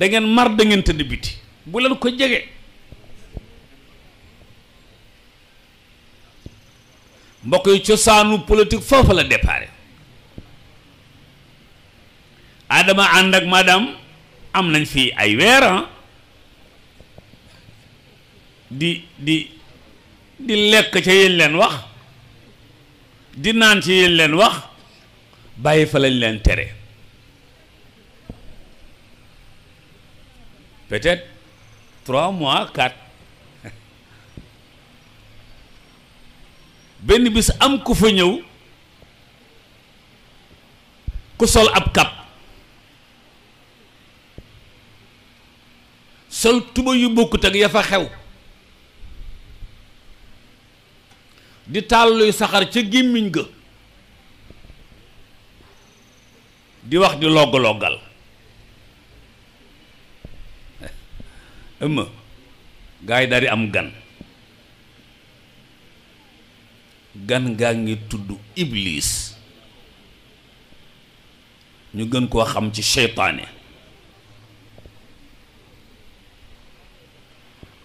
dangeen mar da ngeen tëdd biti bu leen ko jege mbokk yi cosaanu politik foofu la déparé Adama ànd ak madame am nañ fii ay weer ah. di di di lekk ca yéen leen wax di naan ci yéen leen wax bàyyi fa lañ leen tere peut-être trois mois quatre benn bis am ku fa ñëw ku sol ab kap sol tuba yu bokkut ak ya fa xew di taal luy saxar ca gémmiñ ga di wax di logg-loggal ëmma gaa yi daal am gan gaa ngi tudd iblis ñu gën koo xam ci seytaane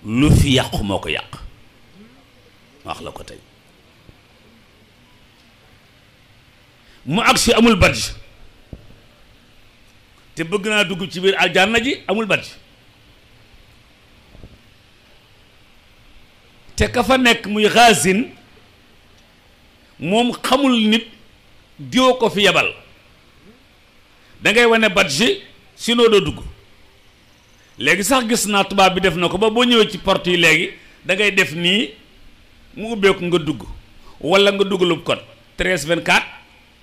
lu fi yàqu moo ko yàq wax la ko tey mu agsi amul badj te bëgg naa dugg ci biir aljanna ji amul badj te ka fa nekk muy xaasin moom xamul nit diwoo ko fi yebal dangay wane badge sinon doo dugg léegi sax gis naa tubaab bi def na ko ba boo ñëwee ci port yi léegi da ngay def nii mu ubbeeku nga dugg walla nga duggalub code treize vingt quatre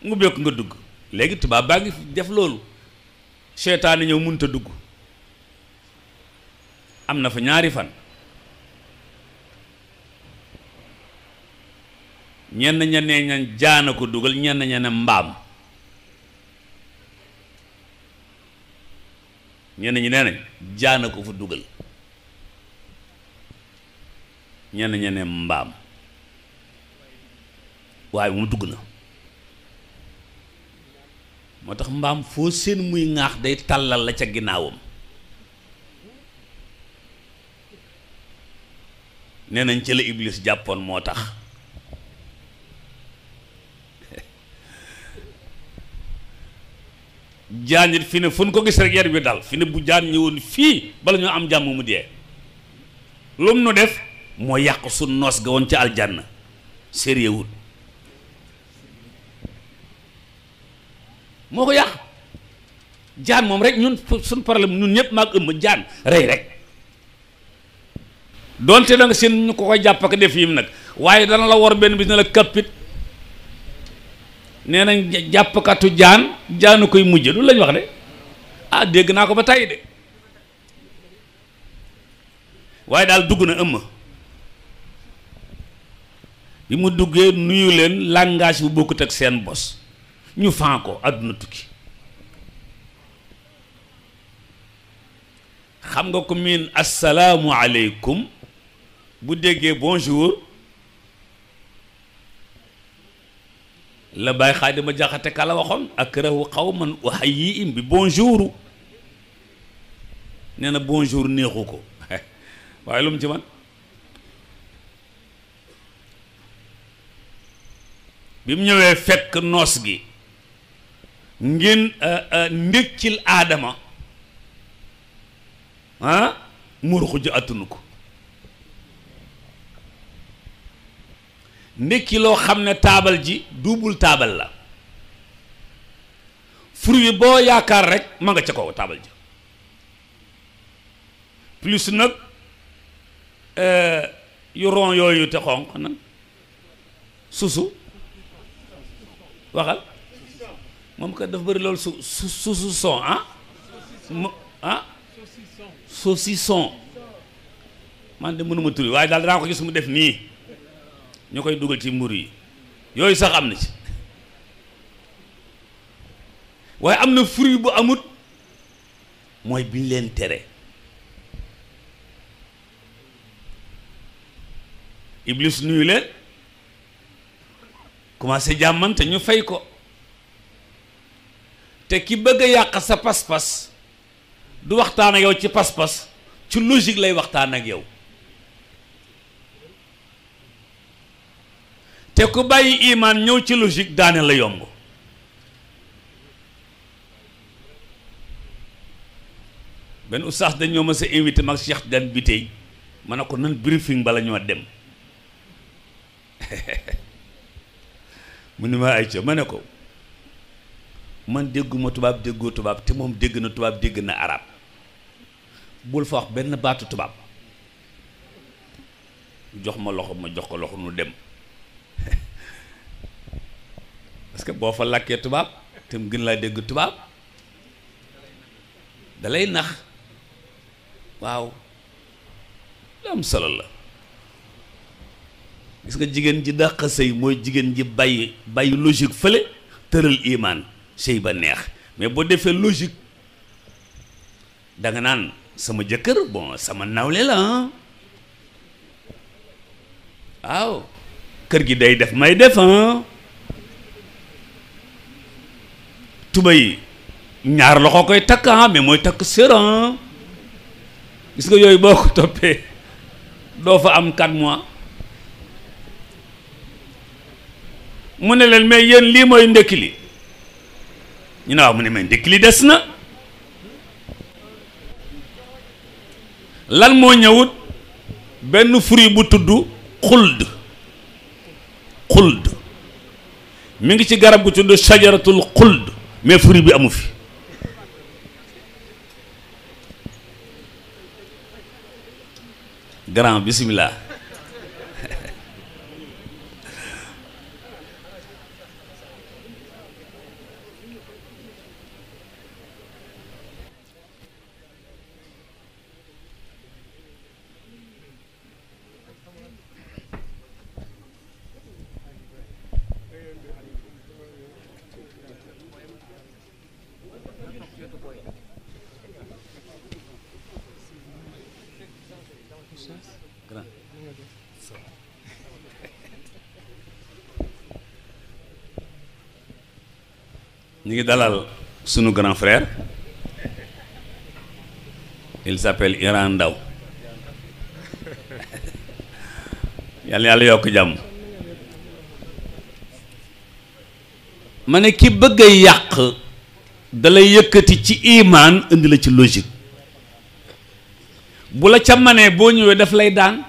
mu ubbeeku nga dugg léegi tubaab baa ngi def loolu seytaane ñëw mënut a dugg am na fa ñaari fan. ñenn ña nee ña ko dugal ñenn ña ne mbaam ñenn ñi nee ko fa dugal ñenn ña ne mbaam waaye mu dugg na moo tax mbaam foo seen muy ŋaax day tàllal la ca ginnaawam nee nañ ci la iblis jàppoon moo tax jaan it fi fu ñu ko gis rek yar bi dal fi bu jaan ñëwoon fii bala ñoo am jàmm mu dee lu nu def moo yàq su noos ga woon ca aljanna sériewul moo ko yàq jaan moom rek ñun suñ problème ñun ñëpp maag ëmb jaan rey rek donte da nga seen ñu ko koy jàpp ak yi mu nag waaye dana la war benn bis ne la kappit nee nañ jàppkatu jaan jaanu koy mujj du lañ wax de ah dégg naa ko ba tàyyi de waaye daal dugg na ëmm bi mu duggee nuyu leen langage bu bokkut ak seen bos ñu fan àdduna tukki xam nga ko miin asalaamu aleykum bu déggee bonjour la Baye Xaadima Jaxate Kala waxoon akrahu qawman uhayyihim bi bonjour nee na bonjour neexu ko waaye lu ci man bi mu ñëwee fekk noos gi ngeen euh, euh, ndékkil aadama ah muruxu ji ko ndekki loo xam ne taabal ji duubul taabal la fruit boo yaakaar rek ma nga ca kaw taabal ji plus nag euh, yu ron yooyu te xonq nag susu waxal moom kat dafa bëri loolu su su susu son ah ah saucisson man de mënuma turi waaye daal danaa ko gis mu def nii ñu koy dugal ci mburu yi yooyu sax am na ci waaye am na fruit bu amut mooy bi leen tere iblis nuyu leen commencé jàmmante ñu fay ko te ki bëgg a yàq sa pas-pas du waxtaan ak yow ci pas-pas ci logique lay waxtaan ak yow te ku bàyyi imaan ñëw ci logique daane la yomb benn oustaz dañoo ma sa invité mag Cheikh Dan bi tey ma ne ko nan briefing bala ñoo dem mu ni ma ay ma ne ko man dégguma tubaab déggoo tubaab te moom dégg na tubaab dégg na arab bul fa wax benn baatu tubaab jox ma loxo ma jox ko loxo nu dem parce que boo fa làkkee tubaab te mu gën laa dégg tubaab dalay nax waaw lu am solo la gis nga jigéen ji dàq sëy mooy jigéen ji bàyyi bàyyi logique fële tëral imaan sëy ba neex mais boo defee logique danga naan sama jëkkër bon sama nawle la ah waaw kër gi day def may def tuba yi ñaar loxo koy takk mais mooy takk séran gis nga yooyu boo ko toppee doo fa am 4 mois mu ne leen mais yéen lii mooy ndekki li ñu ne waaw mu ne mais ndekki des na lan moo ñëwut benn fruit bu tudd xuld xuld mi ngi ci garab gu tudd sajaratul xuld mais fruit bi amu fi grand bisimilah ñu ngi dalal sunu grand frère il s'appelle Iran Ndaw yàlla yàlla yokk jàmm ma ne ki bëgg a yàq da yëkkati ci imaan indi la ci logique bu la ca manee boo ñëwee daf lay daan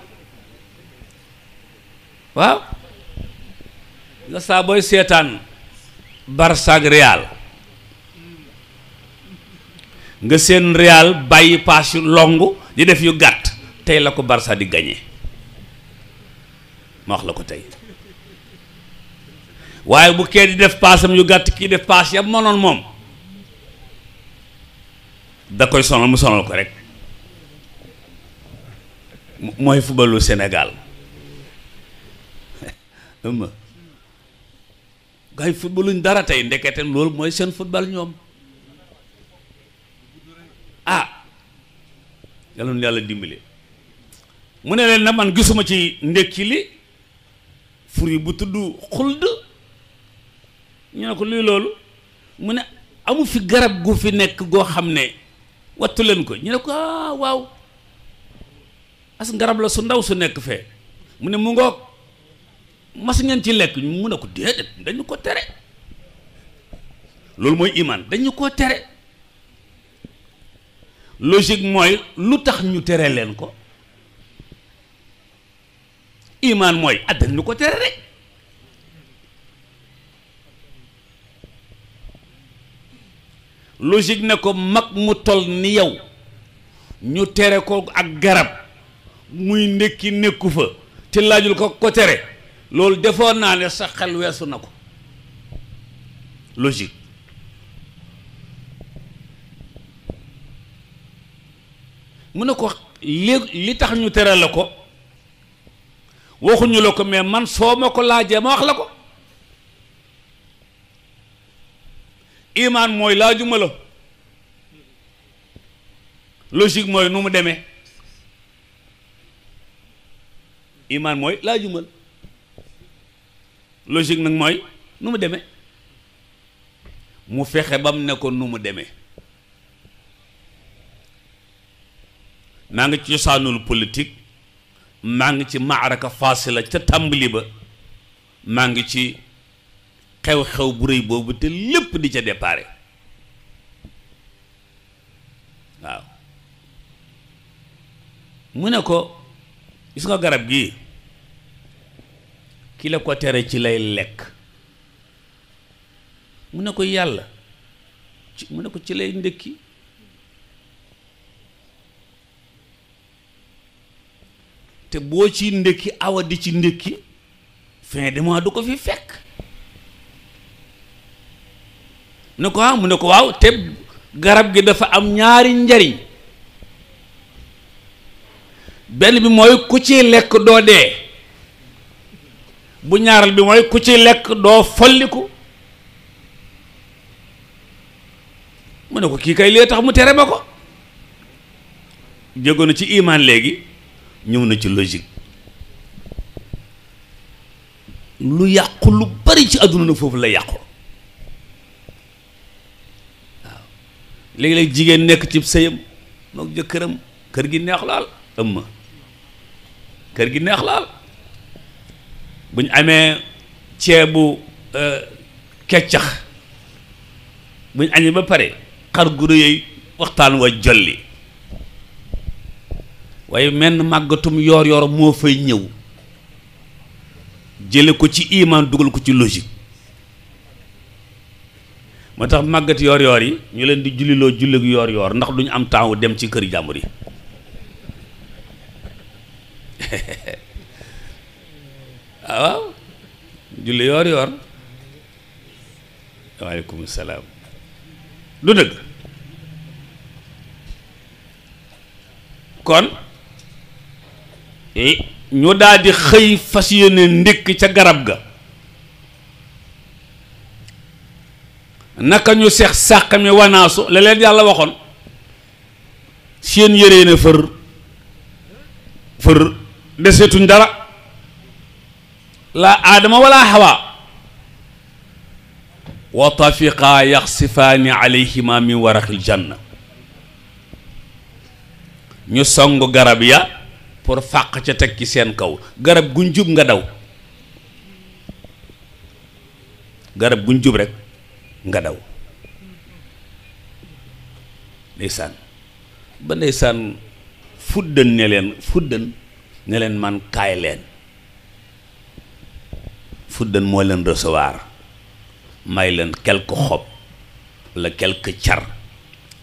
waaw nga saa seetaan barsaag Real nga seen Real bàyyi paas yu long di def yu gàtt tey la ko Barça di gañe ma wax la ko tey waaye bu kee di def paasam yu gàtt kii def paas yam mënoon moom da koy sonal mu sonal ko rek mooy fubalu Sénégal. gaay footballuñ dara tey ndekete loolu mooy seen football ñoom ah yàlla nu yàlla dimbali mu ne leen na man gisuma ci ndekki li fur furi bu tudd xuld ñu ne ko luy loolu mu ne amu fi garab gu fi nekk goo xam ne wattu leen ko ñu ne ko ah waaw as garab la su ndaw su nekk fee mu ne mu ngoog mas ngeen ci lekk ñu mun a ko déedéet dañu ko tere loolu mooy imaan dañu ko tere logique mooy lu tax ñu tere leen ko imaan mooy ah ñu ko tere rek logique ne ko mag mu tol ni yow ñu tere ko ak garab muy ndekki nekku fa te laajul ko ko tere loolu defoon naa ne sa xel weesu na ko logique mu ne ko li li tax ñu tere la ko waxuñu la ko mais man soo ma ko laajee ma wax la ko imaan mooy laa la logique mooy nu mu demee imaan mooy laa jumal logique nag mooy nu mu demee mu fexe ba mu ne ko nu mu demee maa ngi ci cosaanul politik maa ngi ci maaraka la ca tàmbali ba maa ngi ci xew-xew bu rëy boobu te lépp di ca déparé waaw mu ne ko gis nga garab gii kilo la ko tere ci lay lekk mu ne ko yàlla ci mu ne ko ci lay ndëkki te boo ci ndëkki awa di ci ndëkki fin de mois du ko fi fekk mu ne ko waaw ah, ne ko waaw te garab gi dafa am ñaari njariñ benn bi mooy ku ci lekk doo dee bu ñaaral bi mooy ku ci lekk doo folliku mu ne ko kii kay lee tax mu tere ma ko jéego na ci imaan léegi ñëw na ci logique lu yàqu lu bari ci àdduna nag foofu la yàqu waaw léegi-léeg jigéen nekk ci sëyam mook jëkkëram kër gi neex laal ëmma kër gi neex laal bu ñu amee ceebu euh, keccax bu ñu añee ba pare xar guro yooyu waxtaan wa jolli waaye menn màggatum yoor yoor moo fay ñëw jële ko ci iman dugal ko ci logique moo tax màggat yoor yoor yi ñu leen di julliloo julleg yoor yoor ndax duñu am temps dem ci kër jàmbur yi Ah, waaw julli yoor yoor waaleykum salaam du dëgg kon ñu daal xëy fas yéene ndékk ca garab ga naka ñu seex sàq mi wanaasu la leen yàlla waxoon seen yëree na fër fër desetuñ dara laa aadama wala hawa wa tafiqaa yaxsifaani alayhima min waraqil janna ñu song garab ya pour fàq ca teg ci seen kaw garab guñ jub nga daw garab guñ jub rek nga daw ndeysaan ba ndeysaan fuddan ne leen fuddan ne man kaay leen fuddan moo leen recevoir may leen kelk xob la quelque car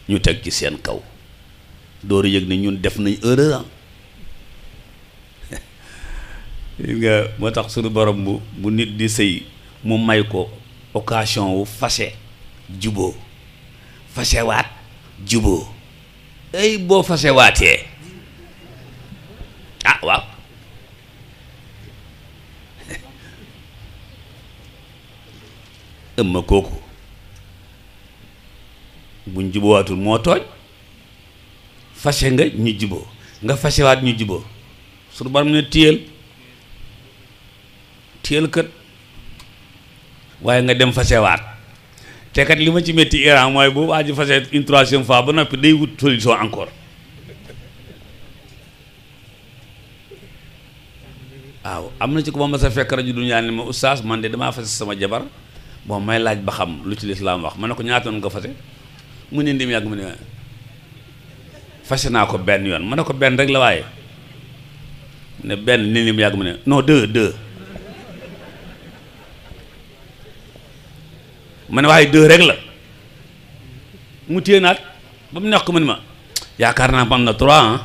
ñu teg ci seen kaw dooru yëg ni ñun def nañ erreur nga moo tax suñu borom bu nit di sëy mu may ko occasion wu fase juboo fasewaat juboo ay boo fasewaatee ah waaw ëmma kooku buñ jubowaatul moo tooñ fase nga ñu jiboo nga fasewaat ñu juboo suñu baram ne téyel téyel kat waaye nga dem fasewaat te kat li ma ci métti Iran mooy bu waa ji fase une troisième fois ba noppi day wut solution encore waaw am na ci ko ma mas a fekk rajo du ñaan ne ma oustaz man de damaa fase sama jabar boo may laaj ba xam lu ci lislaam wax ma ne ko ñaatoon nga fase mu ne ndim yàgg mu ne fase naa ko benn yoon ma ne ko benn rek la waaye ne benn ni ndim yàgg mu ne non deux deux ma ne waaye deux rek la mu téye naat ba mu neex ko mu ne ma yaakaar naa man na trois ah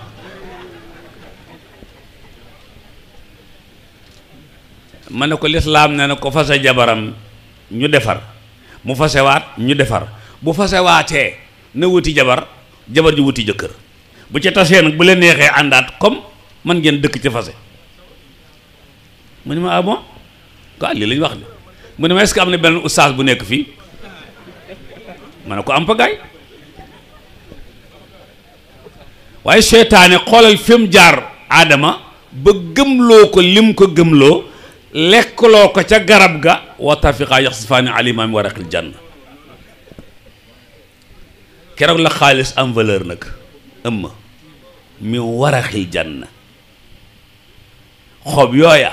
ma ne ko lislaam ne na ko fase jabaram ñu defar mu fase waat ñu defar bu fasewaatee na wuti jabar jabar ji wuti jëkkër bu ca tasee nag bu leen neexee àndaat comme man ngeen dëkk ci fase mu ne ma ah bon lii la wax de mu ne ma am na benn oustaz bu nekk fii ma ne ko am pagaay waaye seetaane xoolal fi mu jaar aadama ba gëmloo ko lim ko gëmloo lekkloo ko ca garab ga wa tafiqaa yaxsifaani alimaami waraqil janna keroog la xaalis am valeur nag ëmma mi waraqil janna xob yooya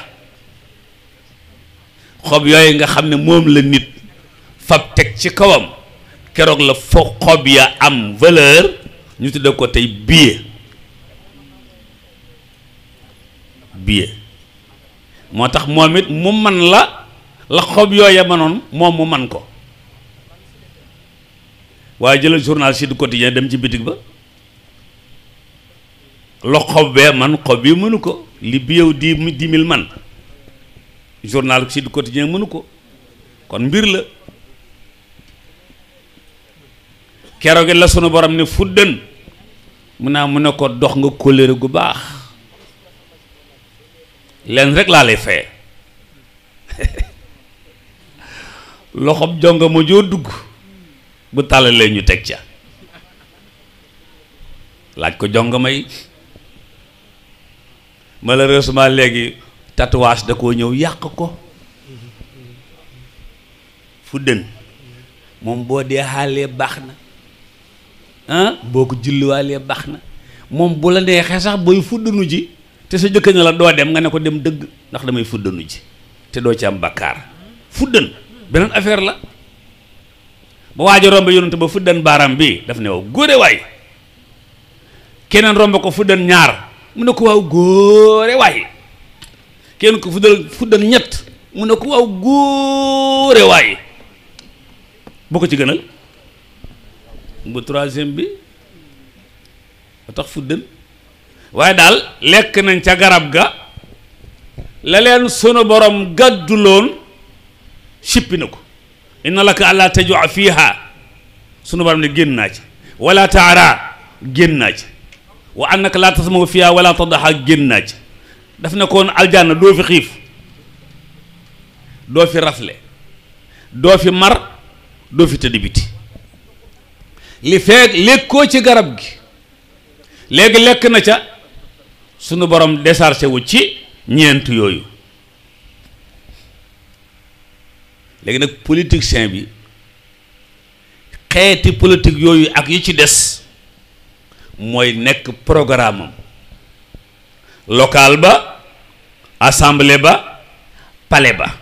xob yooyu nga xam ne moom la nit fab teg ci kawam keroog la fo xob ya am valeur ñu tudde ko tey billet billet moo tax moom it mu man la la xob yooy manoon moom mu man ko waaye jëlal journal Sud Quotidien dem ci bitig ba la xob bee man xob yi mënu ko li bi yow di dix mille man journal Sud Quotidien mënu ko kon mbir la keroog la sunu borom ne fuddën mun naa mu ne ko dox nga kóllëre gu baax leen rek laa lay feye loxob jonga joo dugg bu tàllalee ñu teg ca laaj ko jonga may malheureusement léegi tatouage da koo ñëw yàq ko fu dën moom boo dee baax na ah boo ko julliwaalee baax na moom bu la neexee sax booy fuddunu ji te sa jëkkër ne la doo dem nga ne ko dem dëgg ndax damay fuddënu ji te doo ci am bakkaar fuddan beneen affaire la ba waaj a romb yonent ba fuddan baaraam bi daf ne waaw góore waay keneen ko fuddan ñaar mu ne ko waaw ñett mu ne ko waaw góore waay boo ko ci gënal bu troisième bi ba tax fuddan waaye daal lekk nañ ca garab ga la leen sunu borom gàdduloon sippi na ko inna laka àllaa tajua fiiha sunu borom ne génn naa ci wala taara génn naa ci wa annaka laa tasmau fiiha wala tadaxa génn naa ci daf ne koon aljanna doo fi xiif doo fi rafle doo fi mar doo fi tëdd biti li feeg lékkoo ci garab gi léegi lekk na ca sunu borom déchargé wu ci ñeent yooyu léegi nag politicien bi xeeti politique yooyu ak yi ci des mooy nekk programme am ba assemblée ba pale ba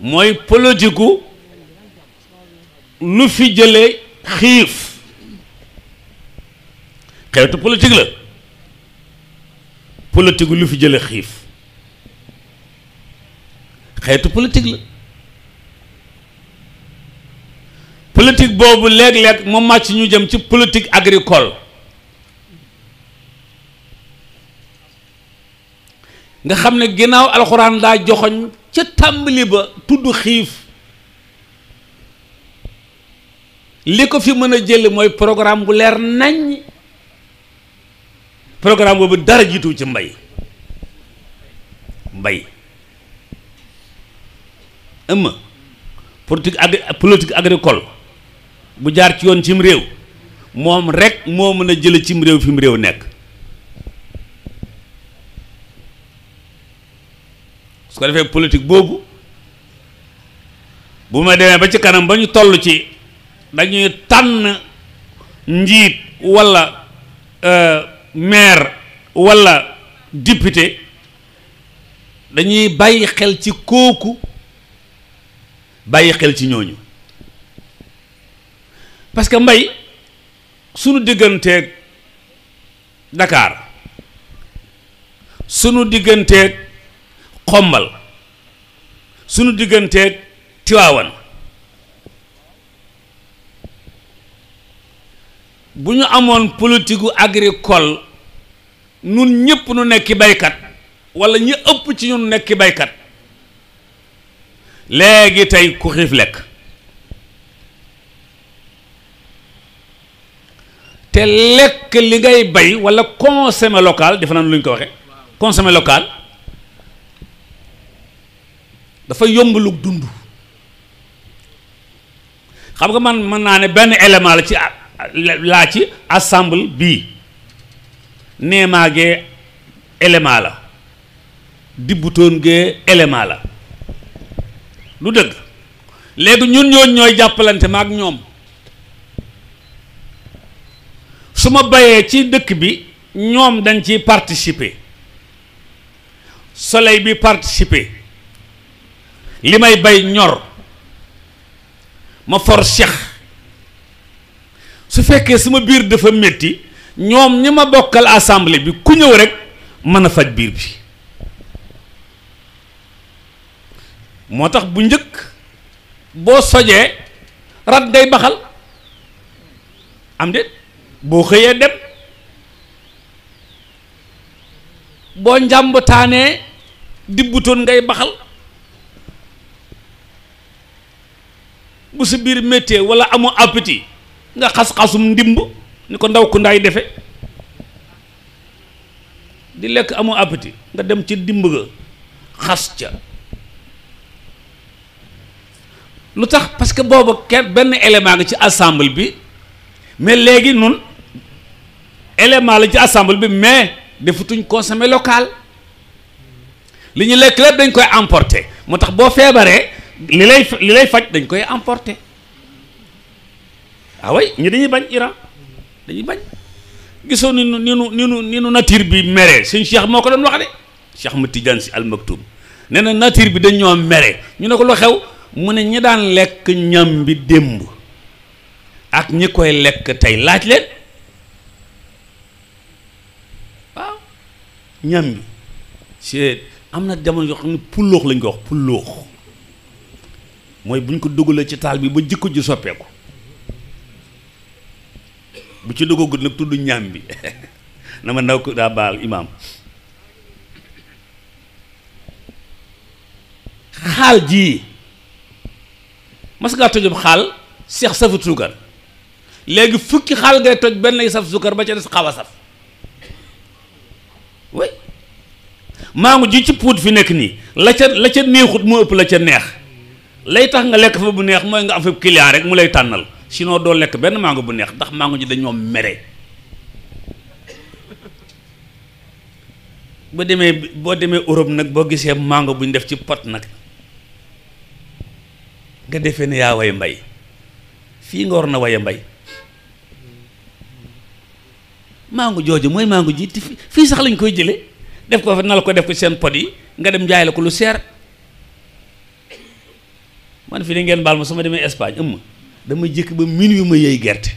mooy politique lu fi jële xiif xeetu politique la politique lu fi jële xiif xeetu politique la politique boobu léeg-léeg mu màcc ñu jëm ci politique agricol nga xam ne ginnaaw alxuraan daa joxoñ ca tàmbali ba tudd xiif li ko fi mën a jëli mooy programme bu leer nañ programme boobu dara jiitu ci mbay mbay ëmma politique agri agricole bu jaar ci yoon cim réew moom rekk moo mën a jële cim réew fim réew nekk su ko defee politique boobu bu ma demee ba ci kanam ba ñu toll ci dañuy tànn njiit walla euh, maire walla député dañuy bàyyi xel ci kooku bàyyi xel ci ñooñu parce que mbay sunu digganteeg ndakaar sunu digganteeg Xombal sunu digganteeg Tiwaawan bu ñu amoon politique agricole nun ñëpp nu nekk baykat wala ñi ëpp ci ñun nekki baykat léegi tey ku xiif lekk te lekk li ngay bay wala consommer local defe naa lu ñu ko waxee consommer local dafa yomb lu dund xam nga man mën naa ne benn élément la ci laa ci ensemble bii neemaa gee élément la dibbutoon gee élément la lu dëgg léegi ñun ñooñ ñooy jàppalante ma ak ñoom su ma bayee ci dëkk bi ñoom dañ ci participer soleil bi participer li may bay ñor ma for su fekkee suma biir dafa metti ñoom ñi ma bokkal assemblée bi ku ñëw rek mën a faj biir bi moo tax bu njëkk boo sojee rat day baxal am déet boo xëyee dem boo njàmbataanee dibbutoon ngay baxal bu si biir méttee walla amoo appétit nga xas-xasum ndimb ni ko ndaw ku ndaay defe di lekk amu appétit nga dem ci dimb ga xas ca lu tax parce que booba kenn benn élément nga ci ensemble bi mais léegi nun élément la ci ensemble bi mais defutuñ consommer local li ñu lekk lépp dañ koy emporter moo tax boo feebaree li lay faj dañ koy emporter ah way ñu dañuy bañ Iran dañuy bañ gisoo ni nu ni nu ni nu ni bi mere suñ cheikh moo ko doon wax de cheikh ma Tidiane si almaktum nee na nature bi dañ ñoo mere ñu ne ko lu xew mu ne ñu daan lekk ñam bi démb ak ñi koy lekk tey laaj leen waaw ñam bi c'est am na jamono yoo xam ne pulloox lañ ko wax pulloox mooy buñ ko dugalee ci taal bi ba jikko ji soppeeku bu ci duggagul nag tudd ñaam bi na ma ndaw ko daa baal imaam xaal jii mas tojub xaal seex safu suukar léegi fukki xaal ngay toj benn saf suukar ba ca des xaw a saf way ji ci puut fi nekk nii la la ca neexut moo ëpp la ca neex lay tax nga lekk fa bu neex mooy nga am fa client rek mu lay tànnal sinon doo lekk benn mango bu neex ndax mango ji dañoo mere ba demee boo demee Europe nag boo gisee mango bu ñu def ci pot nag nga defee ne yaa way mbay fii nga war na waye mbay mango jooju mooy mango ji fii sax lañ koy jële def ko fa la ko def ko seen pot yi nga dem jaay la ko lu seer man fi ni ngeen baal ma su ma demee Espagne ëmm damay jëkk ba min wi ma yëy gerte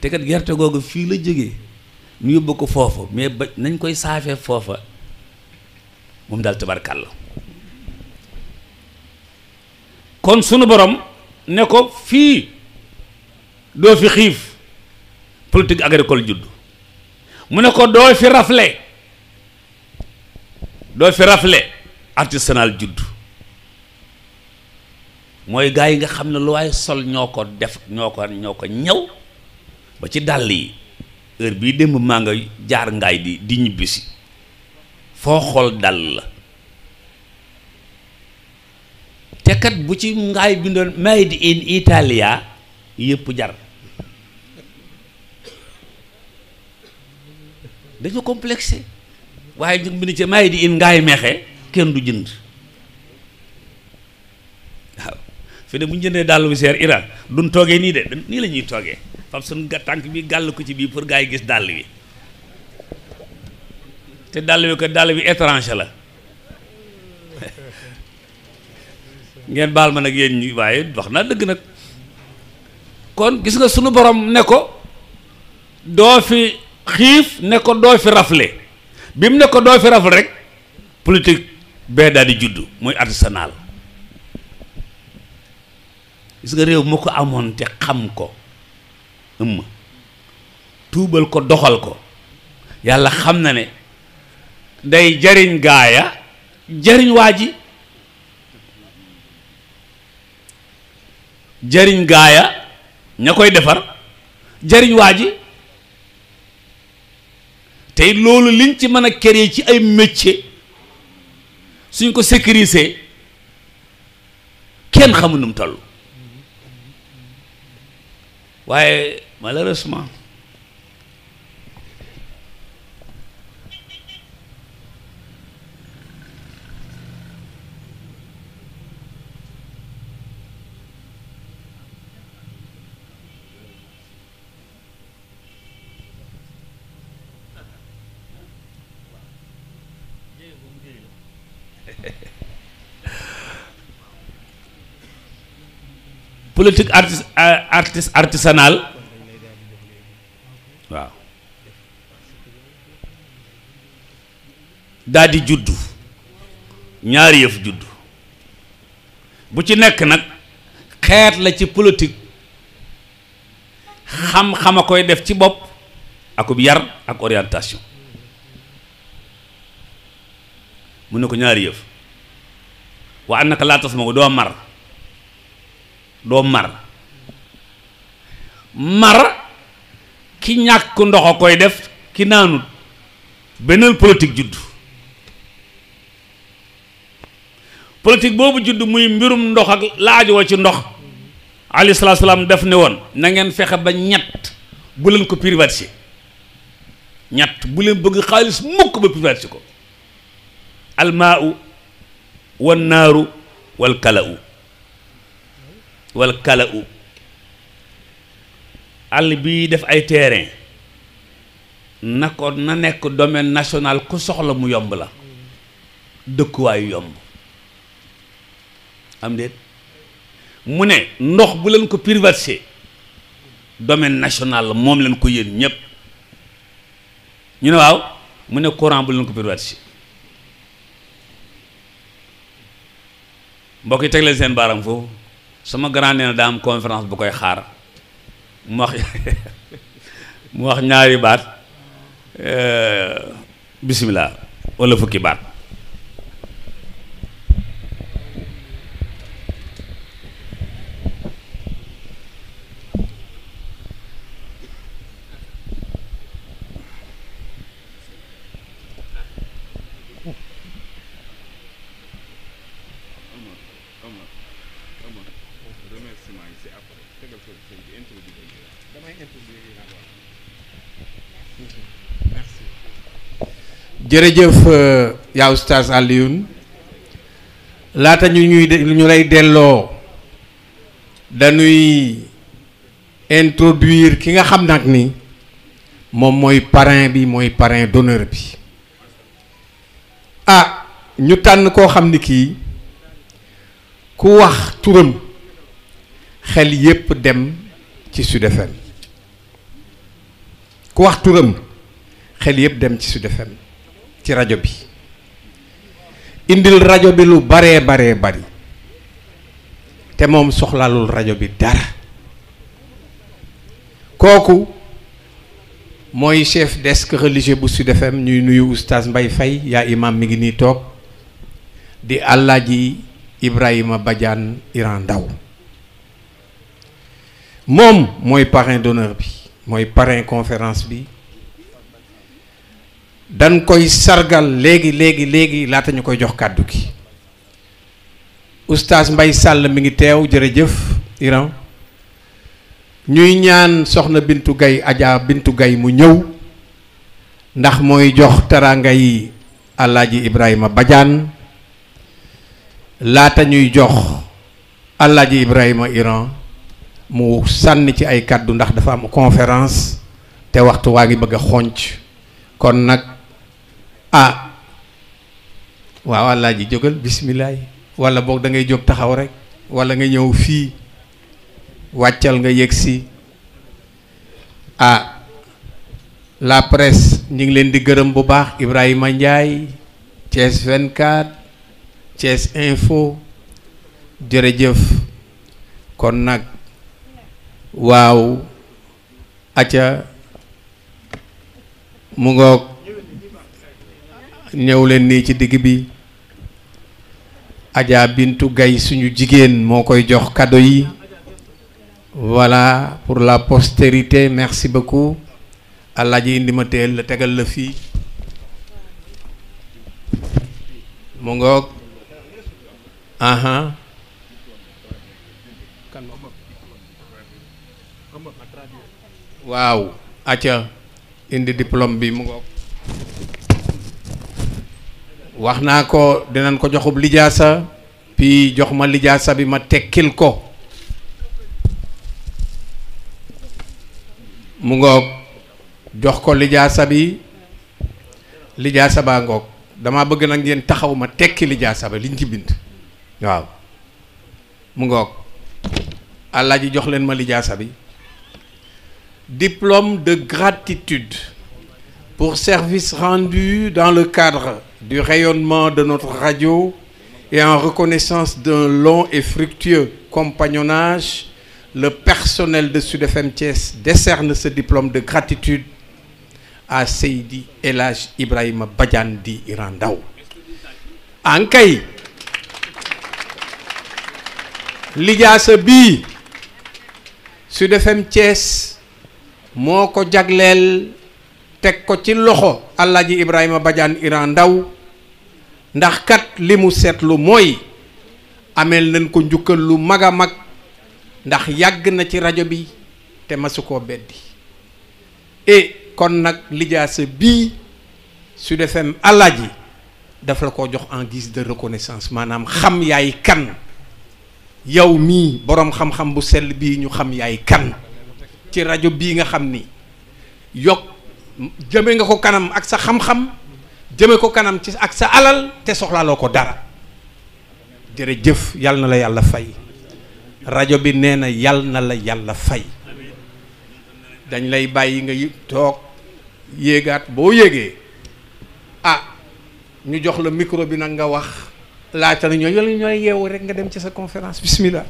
teget gerte googu fii la jógee ñu yóbbu ko foofa mais ba nañ koy saafee foofa moom daal la kon sunu borom ne ko fii doo fi xiif politique agricole juddu mu ne ko doo fi rafle doo fi rafle artisanal juddu mooy gaa yi nga xam ne lu waay sol ñoo ko def ñoo ko ñoo ko ñaw ba ci dàll yi heure bii démb maa nga jaar ngaay di di ñibbisi foo xool dàll la te kat bu ci ngaay bindoon made in Italia yëpp jar dañu complexé waaye ñu bind ci made in ngaay meexe kenn du jënd fi ne bu ñu jëndee dàll bu seer Iran duñ toogee nii de nii la ñuy toogee fab suñ tànk bi gàll ko ci bii pour gaa yi gis dàll bi te dàll bi ko dàll wi étranger la ngeen baal ma nag yéen ñi waaye wax naa dëgg nag kon gis nga suñu borom ne ko doo fi xiif ne ko doo fi rafle bi mu ne ko doo fi rafle rek politique bee daal di juddu mooy artisanal gis nga réew moo ko amoon te xam ko ëmm tuubal ko doxal ko yàlla xam na ne day jariñ gaaya jariñ waa ji jariñ gaaya ña koy defar jariñ waa ji tey loolu liñ ci mën a créer ci ay métier suñ ko sécuriser kenn xamu nu mu toll waaye malheureusement politique artiste artis artisanal waaw daal juddu ñaari yëf juddu bu ci nekk nag xeet la ci politik xam-xam a koy def ci bopp akub yar ak orientation mu ne ko ñaari yëf waa na naka laa tas ma ko doo mar doo mar mar ki ñàkk ndox a koy def ki naanut beneen politique judd politique boobu judd muy mbirum ndox ak laajoo ci ndox aleyhi salaatu salaam def ne woon nangeen ngeen fexe ba ñett bu ko privatiser ñett bu bëgg xaalis mukk ba privatiser ko almaau wannaaru wal kala'u wal kala'u àll bi def ay terrain na ko na nekk domaine national ku soxla mu yomb la dëkkuwaayu yomb am déet mu ne ndox bu leen ko privatisé domaine national la moom leen ko yéen ñépp ñu ne waaw mu ne courant bu leen ko privatisé mbokk yi teg leen seen baaram foofu sama grand nee na daa am conférence bu koy xaar mu wax mu wax ñaari baat eh, bisimilah wala fukki baat jërëjëf euh, yaa oustaz Alioune laata ñu ñuy ñu lay delloo dañuy introduire ki nga xam nag ni moom mooy parrain bi mooy parrain d'honneur bi ah ñu tànn koo xam ni kii ku wax turam xel yépp dem ci Sud FM ku wax turam xel yépp dem ci Sud FM ci rajo bi indil rajo bi lu baree baree bari te moom soxlaalul rajo bi dara kooku mooy chef desk religieux bu Sud FM ñuy nuyu oustaz mbay Faye yaa imam mi ngi nii toog di àllaaji Ibrahima Badiane Iran Ndaw moom mooy parrain d'honneur bi mooy parrain conférence bi dañ koy sargal léegi léegi léegi laata ñu koy jox kàddu gi oustaz Mbay Sàll mi ngi teew jëf Iran ñuy ñaan soxna Bintu Gay Aja Bintu Gay mu ñëw ndax mooy jox teraanga yi Alaaji Ibrahima Badiane laata ñuy jox Alaaji Ibrahima Iran mu sànni ci ay kàddu ndax dafa am conférence te waxtu waa ngi bëgg a xonc kon nag ah waaw Alaaji jógal bisimilaay wala boog dangay ngay taxaw rek walla nga ñëw fii wàccal nga yegg si ah la presse ñu ngi leen di gërëm bu baax Ibrahima Ndiaye Thiès 24 Thiès Info jërëjëf kon nag waaw aca mu ngoog ñëw leen nii ci digg bi Adja Bintu Gay suñu jigéen moo koy jox cadeau yi voilà pour la postérité merci beaucoup Alaaji indi ma la tegal la fii mu ngoog aha waaw acca indi diplôme bi mu ngoog wax naa ko dinañ ko joxub lijaasa puis jox ma lijaasa bi ma tekkil ko mu ngoog jox ko lijaasa bi lijaasa baa ngoog dama bëgg nag ngeen taxaw ma tekki lijaasa ba liñ ci bind waaw mu ngoog àllaaji jox leen ma lijaasa bi diplôme de gratitude pour service rendu dans le cadre du rayonnement de notre radio et en reconnaissance d'un long et fructueux compagnonnage, le personnel de Sud FM Thiès décerne ce diplôme de gratitude à Seydi El Hadj Ibrahima di Iran Ndaw ankay lijaasa bii Sud FM moo ko jagleel teg ko ci loxo Alaaji Ibrahima Badiane Iran Ndaw ndax kat li mu seetlu mooy ameel nañ ko njukkal lu mag a mag ndax yàgg na ci rajo bi te masu koo beddi e kon nag lijaasa bii Sud FM Alaaji daf la ko jox en guise de reconnaissance maanaam xam yaay kan yow mii boroom xam-xam bu sell bii ñu xam yaay kan ci rajo bii nga xam ni yokk jëme nga ko kanam ak sa xam-xam jëme ko kanam ci ak sa alal te soxlaaloo ko dara jërëjëf yal na la yàlla fay rajo bi nee na yal na la yàlla fay dañ lay bàyyi nga toog yéegaat boo yéegee ah ñu jox la micro bi nag nga wax laata na ñoo yolu ñooy yeewu rek nga dem ci sa conférence bismillah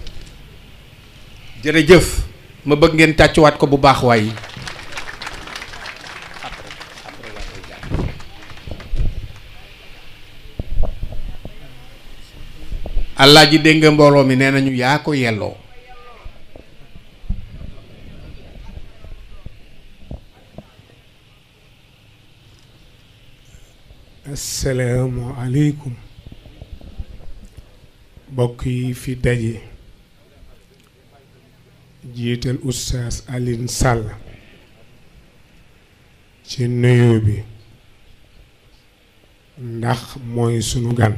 jërëjëf ma bëgg ngeen tàccuwaat ko bu baax waay allah ji dégg nga mbooloo mi nee nañu yaa ko yelloo asalaamaaleykum mbokk yi fi daje jiital oustaz Alioune Sall ci nuyoo bi ndax mooy sunu gan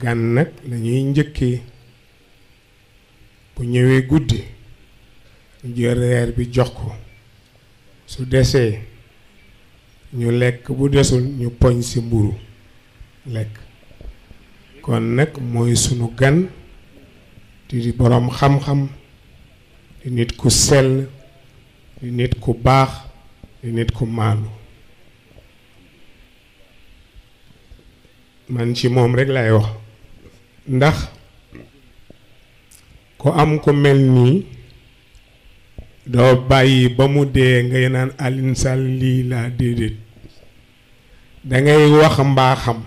gan nag lañuy njëkkee bu ñëwee guddi ñu jël reer bi jox ko su desee ñu lekk bu desul ñu poñ ci mburu lekk kon nag mooy sunu gan te di boroom xam-xam di nit ku sell di nit ku baax di nit ku maalu man ci moom rekk lay wax ndax ku am ku mel nii doo bàyyi ba mu dee ngay naan Alioune Sall lii laa déedéet dangay wax mbaaxam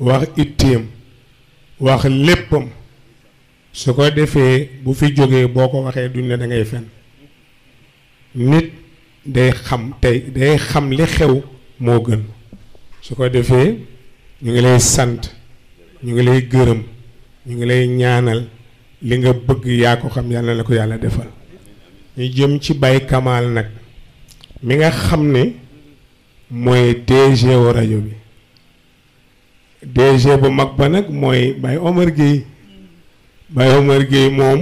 wax itteem wax léppam su ko defee bu fi jógee boo ko waxee duñ ne dangay fen nit day xam tey day xam li xew moo gën su ko defee ñu ngi lay sant ñu ngi lay gërëm ñu ngi lay ñaanal li nga bëgg yaa ko xam yàlla la ko yàlla defal ñu jëm ci Baye Kamal nag mi nga xam ne mooy DG rajo bi DG bu mag ba nag mooy Baye Omar Gueye moom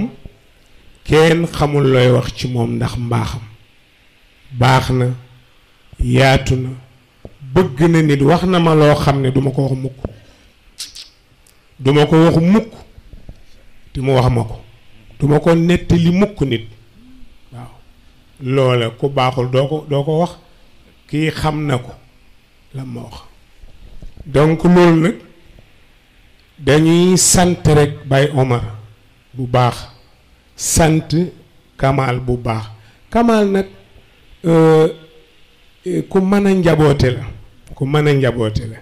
kenn xamul looy wax ci moom ndax mbaaxam baax na yaatu na bëgg na nit wax na ma loo xam ne duma ko wax mukk duma ko wax mukk te mu wax ma ko duma ko nettali mukk nit waaw loola ku baaxul doo ko doo ko wax kii xam na ko la ma wax donc loolu nag dañuy sant rek Baye Omar bu baax sant Kamal bu baax Kamal nag euh, euh, ku mën a njaboote la ku mën a njaboote la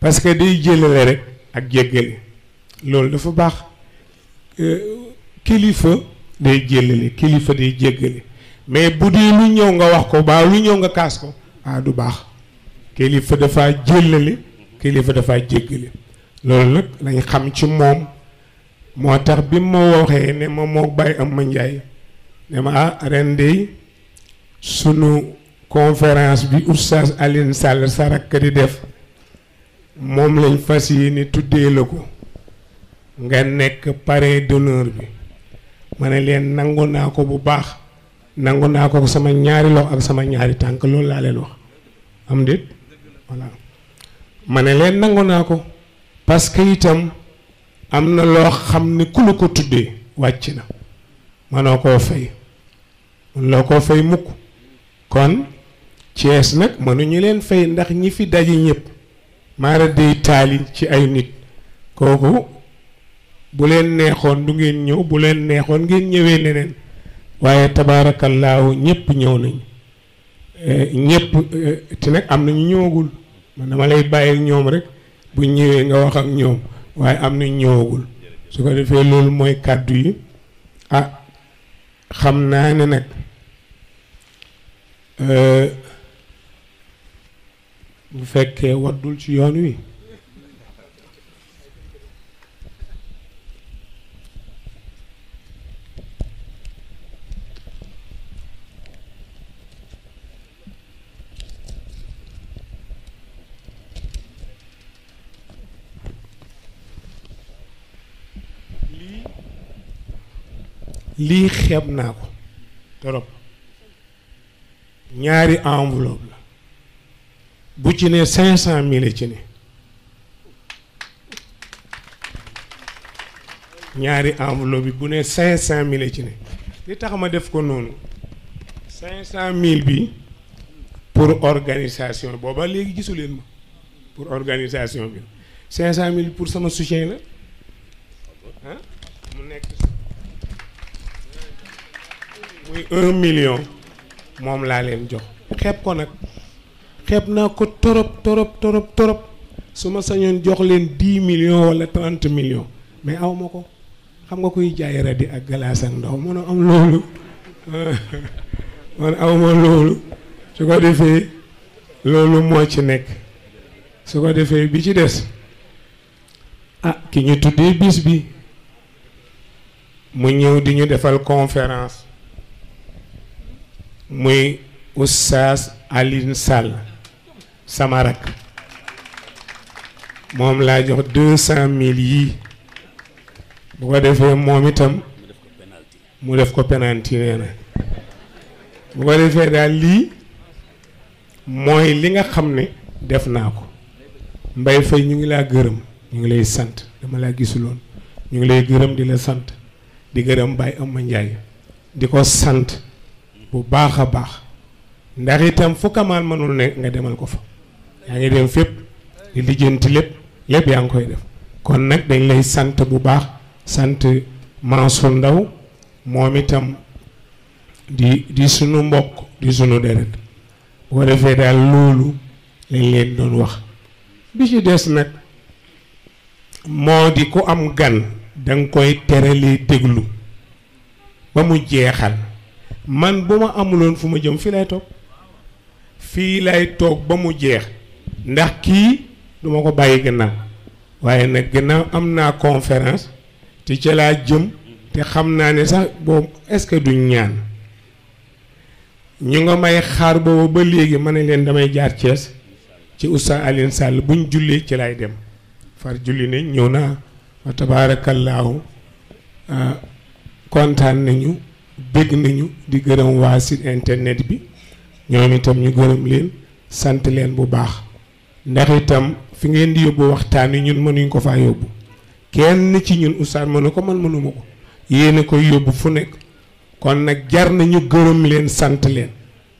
parce que day jëlale rek ak jéggale loolu dafa baax euh, kilifa day jéllale kilifa day jéggale mais bu dee lu ñëw nga wax ko baa lu ñëw nga kaas ko ah du baax kilifa dafa jéllale kilifa dafa jéggale loolu nag lañ xam ci moom moo tax bi ma waxee ne ma moo bàyyi am ma njaay ne ma ah ren de sunu conférence bi oustaz Alioune Sall sa rakk di def moom lañ fas yéene tuddee la ko nga nekk parrain d'honneur bi ma ne leen nangu naa ko bu baax nangu naa ko sama ñaari loxo ak sama ñaari tànk loolu laa leen wax am déet voilà ma ne leen nangu naa ko parce que itam am na loo xam ne ku la ko tuddee wàcc na manoo koo fay mun loo koo fay mukk kon Cees nag mënuñu leen fay ndax ñi fi daje ñëpp maara day taali ci ay nit kooku bu leen neexoon du ngeen ñëw bu leen neexoon ngeen ñëwee neneen waaye tabaarakallaahu ñëpp ñëw nañ eh, ñëpp eh, te nag am na ñu ñëwagul man dama lay bàyyi ñoom rek bu ñëwee nga wax ak ñoom waaye am na ñu ñëwagul su ko defee loolu mooy kàddu yi ah xam naa ne nag eh, bu fekkee waddul ci yoon wi lii xeeb naa ko trop ñaari enveloppe la bu ci ne cinq cent mille ci ne ñaari enveloppe bi bu ne cinq cent mille ci ne li tax ma def ko noonu cinq cent mille bi pour organisation booba léegi gisu leen ma pour organisation bi cinq cent mille pour sama soutien la mu nekk muy un million moom laa leen jox xeeb ko nag xeeb naa ko torop torop torop torop su ma sañoon jox leen dix million wala trente million mais awma ko xam nga kuy jaay radi ak galaas ak ndox mën a am man aw loolu su ko defee loolu moo ci nekk su ko defee bi ci des ah ki ñu tuddee bis bi mu ñëw di ñu defal conférence muy Oustaz Alioune Sall sama rakk moom laa jox deux cent mille yii bu ko defee moom itam mu def ko penalty nee bu ko defee daal lii mooy li nga xam ne def naa ko Mbaye Faye ñu ngi laa gërëm ñu ngi lay sant dama laa gisuloon ñu ngi lay gërëm di la sant di gërëm Baye Amma Ndiaye di ko sant bu baax a baax ndax itam fu mënul ne nga demal ko fa yaa ngi dem fépp di lijjanti lépp lépp yaa ngi koy def kon nag dañ lay sant bu baax sant Mansour Ndaw moom itam di di sunu mbokk di sunu deret boo defee daal loolu lañ leen doon wax bi ci des nag moo di ku am gan danga koy tere teralee déglu ba mu jeexal man bu ma amuloon fu ma jëm fii lay toog fii lay toog ba mu jeex ndax kii du ko bàyyi gannaaw waaye nag gannaaw am naa conférence te ca laa jëm te xam naa ne sax boobu est-ce que duñ ñaan ñu nga may xaar boobu ba léegi mën ne leen damay jaar Thiès ci Oustaz Alioune sàll buñ jullee ci lay dem far julli ne ñëw naa wa tabaarakallaahu ah, kontaan nañu bëgg nañu di gërëm waa site internet bi ñoom itam ñu gërëm leen sant leen bu baax ndax itam fi ngeen di yóbbu waxtaan wi ñun mënuñ ko faa yóbbu kenn ci ñun oustaz mënu ko man mënuma ko yéen a koy yóbbu fu nekk kon nag jar nañu gërëm leen sant leen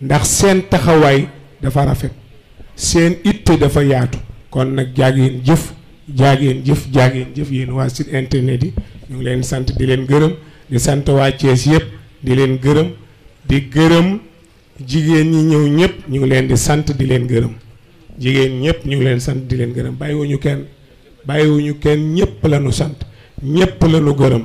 ndax seen taxawaay dafa rafet seen itte dafa yaatu kon nag jaageen jëf jaageen jëf jaageen jëf yéen waa site internet yi ñu ngi leen sant di leen gërëm di sant waa cees yëpp di leen gërëm di gërëm jigéen ñi ñëw ñëpp ñu ngi leen di sant di leen gërëm jigéen ñëpp ñu ngi leen sant di leen gërëm bàyyiwuñu kenn bàyyiwuñu kenn ñëpp la sant ñépp la gërëm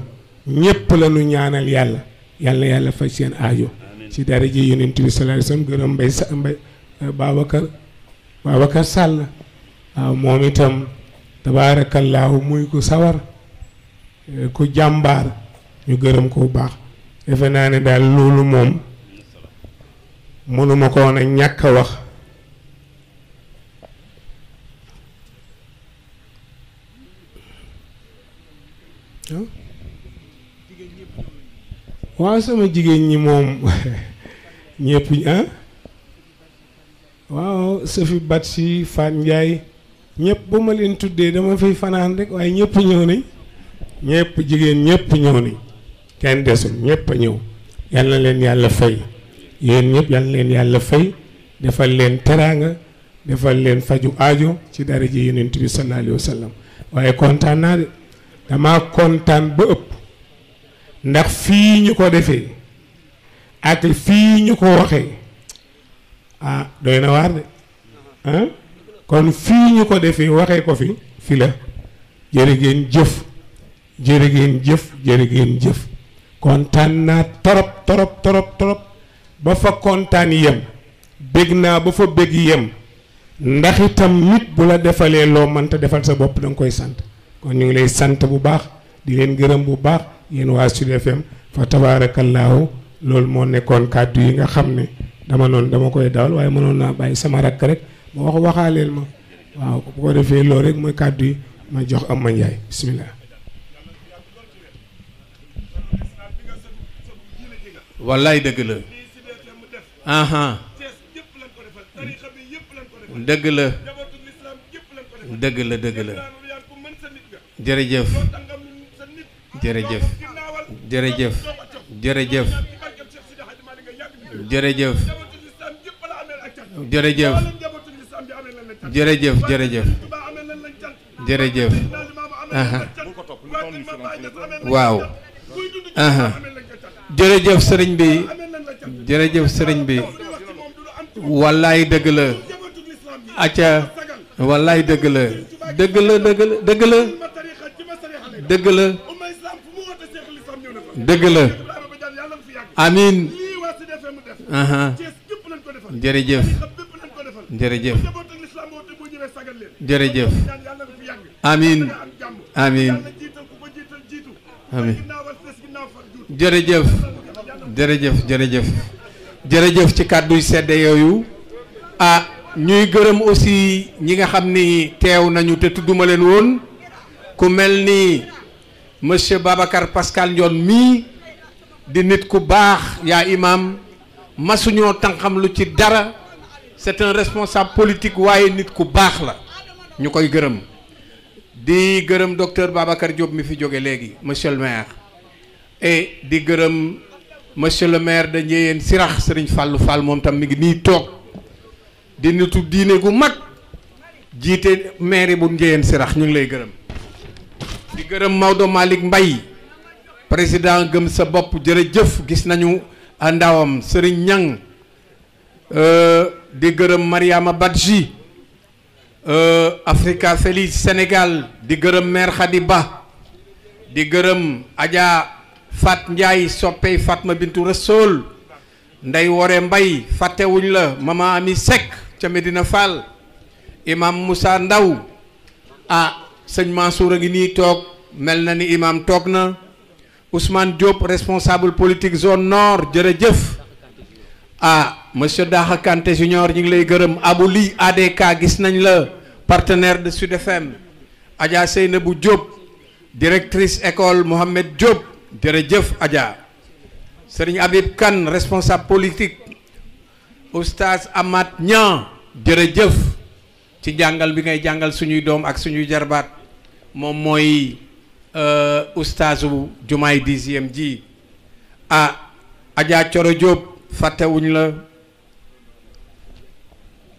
ñëpp la ñaanal yàlla yàlla yàlla faj seen aajo ci dara ji yonent bi sallallahu alayhi gërëm mbay sa mbay euh, Babacar Babacar waaw moom itam tabaarakallaahu muy ku sawar euh, ku jàmbaar ñu gërëm ko bu baax defe naa ne daal loolu moom mënuma ko woon a ñàkk wax waaw sama jigéen ñi moom ñëpp ah waaw Sophie Batsi Fat Ndiaye ñëpp ma leen tuddee dama fay fanaan rek waaye ñëpp ñëw nañ ñépp jigéen ñépp ñëw nañ kenn desul ñëpp a ñëw yal na leen yàlla fay yéen ñëpp yal leen yàlla fay defal leen teraanga defal leen faju aajo ci daraja yonent bi sallallahu alayhi wa waaye kontaan naa de damaa kontaan ba ëpp ndax fii ñu ko defee ak fii ñu ko waxee ah doy na waar de kon fii ñu ko defee waxee ko fi fi la jërë ngeen jëf jërë ngeen jëf jërë ngeen jëf kontaan naa torop torop torop torop ba fa kontaan yem bég naa ba fa bég yem ndax itam nit bu la defalee loo mënta defal sa bopp danga koy sant kon ñu ngi lay sant bu baax di leen gërëm bu baax yéen waa Sud FM fa tabaarakallaahu loolu moo nekkoon kàddu yi nga xam ne dama noonu dama koy dawal waaye mënoon naa bàyyi sama rakk rek ma wax waxaaleel ma waaw bu ko defee loolu rek mooy kàddu yi ma jox am ma Ndiaye bisimilah. wallaay dëgg la aha dëgg la dëgg la dëgg la jërëjëf jërëjëf jërëjëf jërëjëf jërëjëf jërëjëf jërëjëf jërëjëf jërëjëf aha waaw aha jërëjëf sëriñ bi jërëjëf sëriñ bi wallaay dëgg la acca wallaay dëgg la dëgg la dëgg la dëgg la dëgg la dëgg la amiin jërëjëf jërëjëf jërëjëf amiin amiin amiin jërëjëf jërëjëf jërëjëf jërëjëf ci kàdduy sedd yooyu ah ñuy gërëm aussi ñi nga xam ni teew nañu te tudduma leen woon ku mel ni monsieur Babacar Pascal Ndione mii di nit ku baax yaa imam masuñoo tànqam lu ci dara c'est un responsable politique waaye nit ku baax la ñu koy gërëm di gërëm docteur Babacar Diop mi fi jóge léegi monsieur le maire E di gërëm monsieur le maire da Ndiéyène Sirax Serigne Fallou Fall moom tam mi ngi nii toog di nitu diine gu mag jiite maire bu Ndiéyène Sirax ñu ngi lay gërëm di gërëm Maodo Malick Mbaye président gëm sa bopp jërëjëf gis nañu ndawam Serigne Ñang euh, di gërëm Mariama Badji euh, Africa Feliz Sénégal di gërëm maire Khady di gërëm Adja Fat Ndiaye soppey ma Bintu Rasool nday Wore Mbay fàttewuñ la Mama Ami Seck ca Medina Fall imam Moussa Ndaw ah sëñ Mansour a ngi nii toog mel na ni imam toog na Ousmane Diop responsable politique zone nord jërëjëf ah monsieur Daha Kanté junior ñu ngi lay gërëm Abou Ly ADK gis nañ la partenaire de Sud FM Adja Seynabou Diop directrice école Mohamed Diop jërëjëf Adja Serigne Habib kan responsable politique oustaz Amath Niang jërëjëf ci jàngal bi ngay jàngal suñuy doom ak suñuy jarbaat moom mooy euh, oustazu jumaay dixième ji ah Adja Coro Diop fàttewuñ la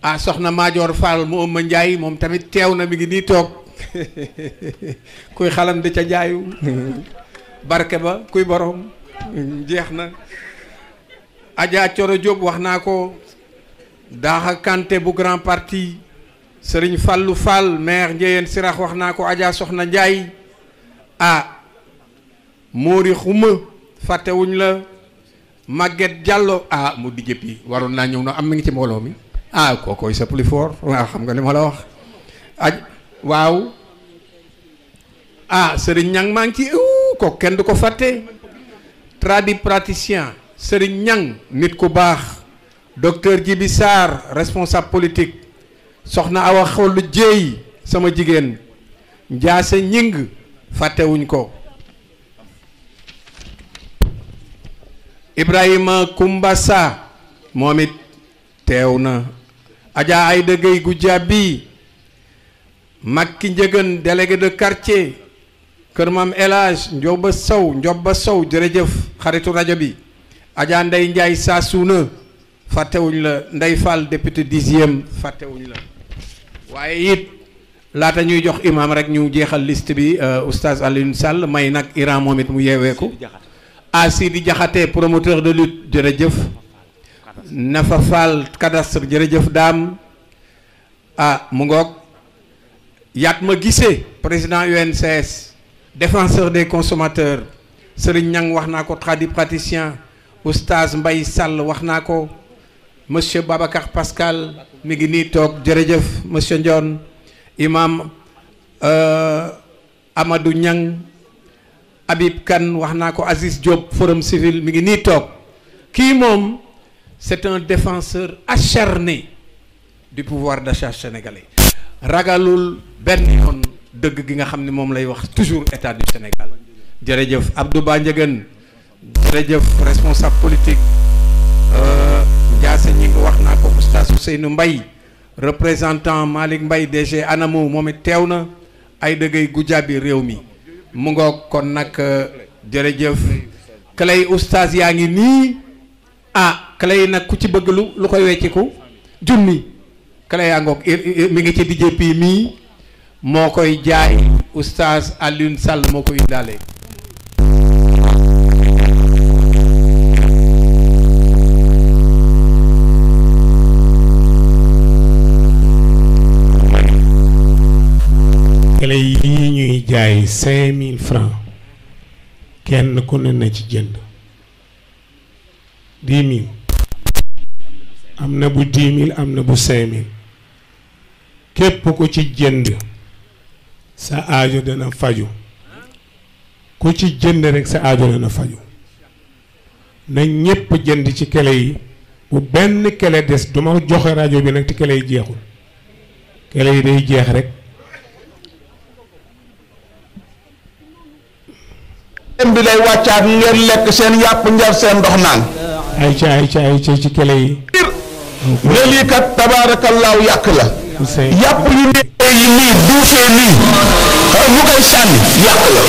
ah soxna Maajoor Fall mu ëmma Njaay moom tamit teew na mi ngi nii toog kuy xalam di ca jaayu barke ba kuy borom jeex na Adja Coro Diop wax naa ko Daaxa Kanté bu grand parti Serigne Fallou Fall maire Ndiéyeen Sirax wax naa ko Adja Soxna Ndiaye ah Mori Xuma fàttewuñ la magget jàlloo ah mu di jëppi waroon naa ñëw na am mi ngi ci mbooloo mi ah kookooy sa plus fort waaw xam nga li ma la wax aj waaw ah Serigne Niang maa ngi ci ko kenn du ko fàtte tradipraticien Serigne Niang nit ku baax docteur ji Sarr responsable politique soxna Awa Xollu Jéey sama jigéen Njaase Ñing fàttewuñ ko Ibrahima Kumba Sa moom it teew na Adja Ayda Gueye gu jàbbi Makki Njëgën délégué de quartier kër maam elage njoba sow njoba sow jërëjëf xaritu rajo bi Adja Ndey Njaay saa suuna fàttewuñ la Ndey Fall député dixième fàttewuñu la waaye it laata ñuy jox imaam rek ñu jeexal list bi euh, oustaz Alioune Sall may nag Iran moom it mu yeeweeku a Sidi Jaxate promoteur de lutte jërëjëf Nafa Fall cadastre jërëjëf daam ah mu ngoog yaat ma gisee président UNCS défenseur des consommateurs Serigne Niang wax naa ko tradipraticien oustaz mbay Sall wax naa ko monsieur Babacar Pascal mi ngi nii toog jërëjëf monsieur Ndione imam euh, Amadou ñaŋ Habib Kane wax naa ko Aziz Diop Forum Civil mi ngi nii toog kii moom c'est un défenseur acharné du pouvoir d'achat sénégalais ragalul benn yoon dëgg gi nga xam ne moom lay wax toujours état du Sénégal jërëjëf Abdou Ba Ndiéguène jërëjëf responsable politique euh, Ndiasse ñi ngi wax naa ko oustaz Ousseynou Mbaye représentant Malick mbay DG ANAMO moom it teew na ay dëgg dëggay gujaabi réew mi mu ngoog kon nag euh, jërëjëf Clay oustaz yaa ngi nii ah yi nag ku ci bëgg lu lu koy wecciku junni Clay yaa ngoog mi ngi ci DJP mii moo koy jaay oustaz Alioune Sall moo koy indaale yi ñuy jaay cinq mille francs kenn ku ne na ci jënd dix am na bu dix am na bu cinq mille képp ku ci jënd sa aajo dana faju ku ci jënd rek sa aajo dana faju na ñépp jënd ci kele yi bu benn kele des du joxe rajo bi nag te kele yi jeexul kele yi day jeex rek bi lay wàccaat ngeen lekk seen yàpp njar seen ndox naan ay ca ay ca ay ca ci kele yi ne lii kat tabaarakallaahu yàq la yàpp yu ne léegi nii duufee nii xaw mu koy sànni yàq la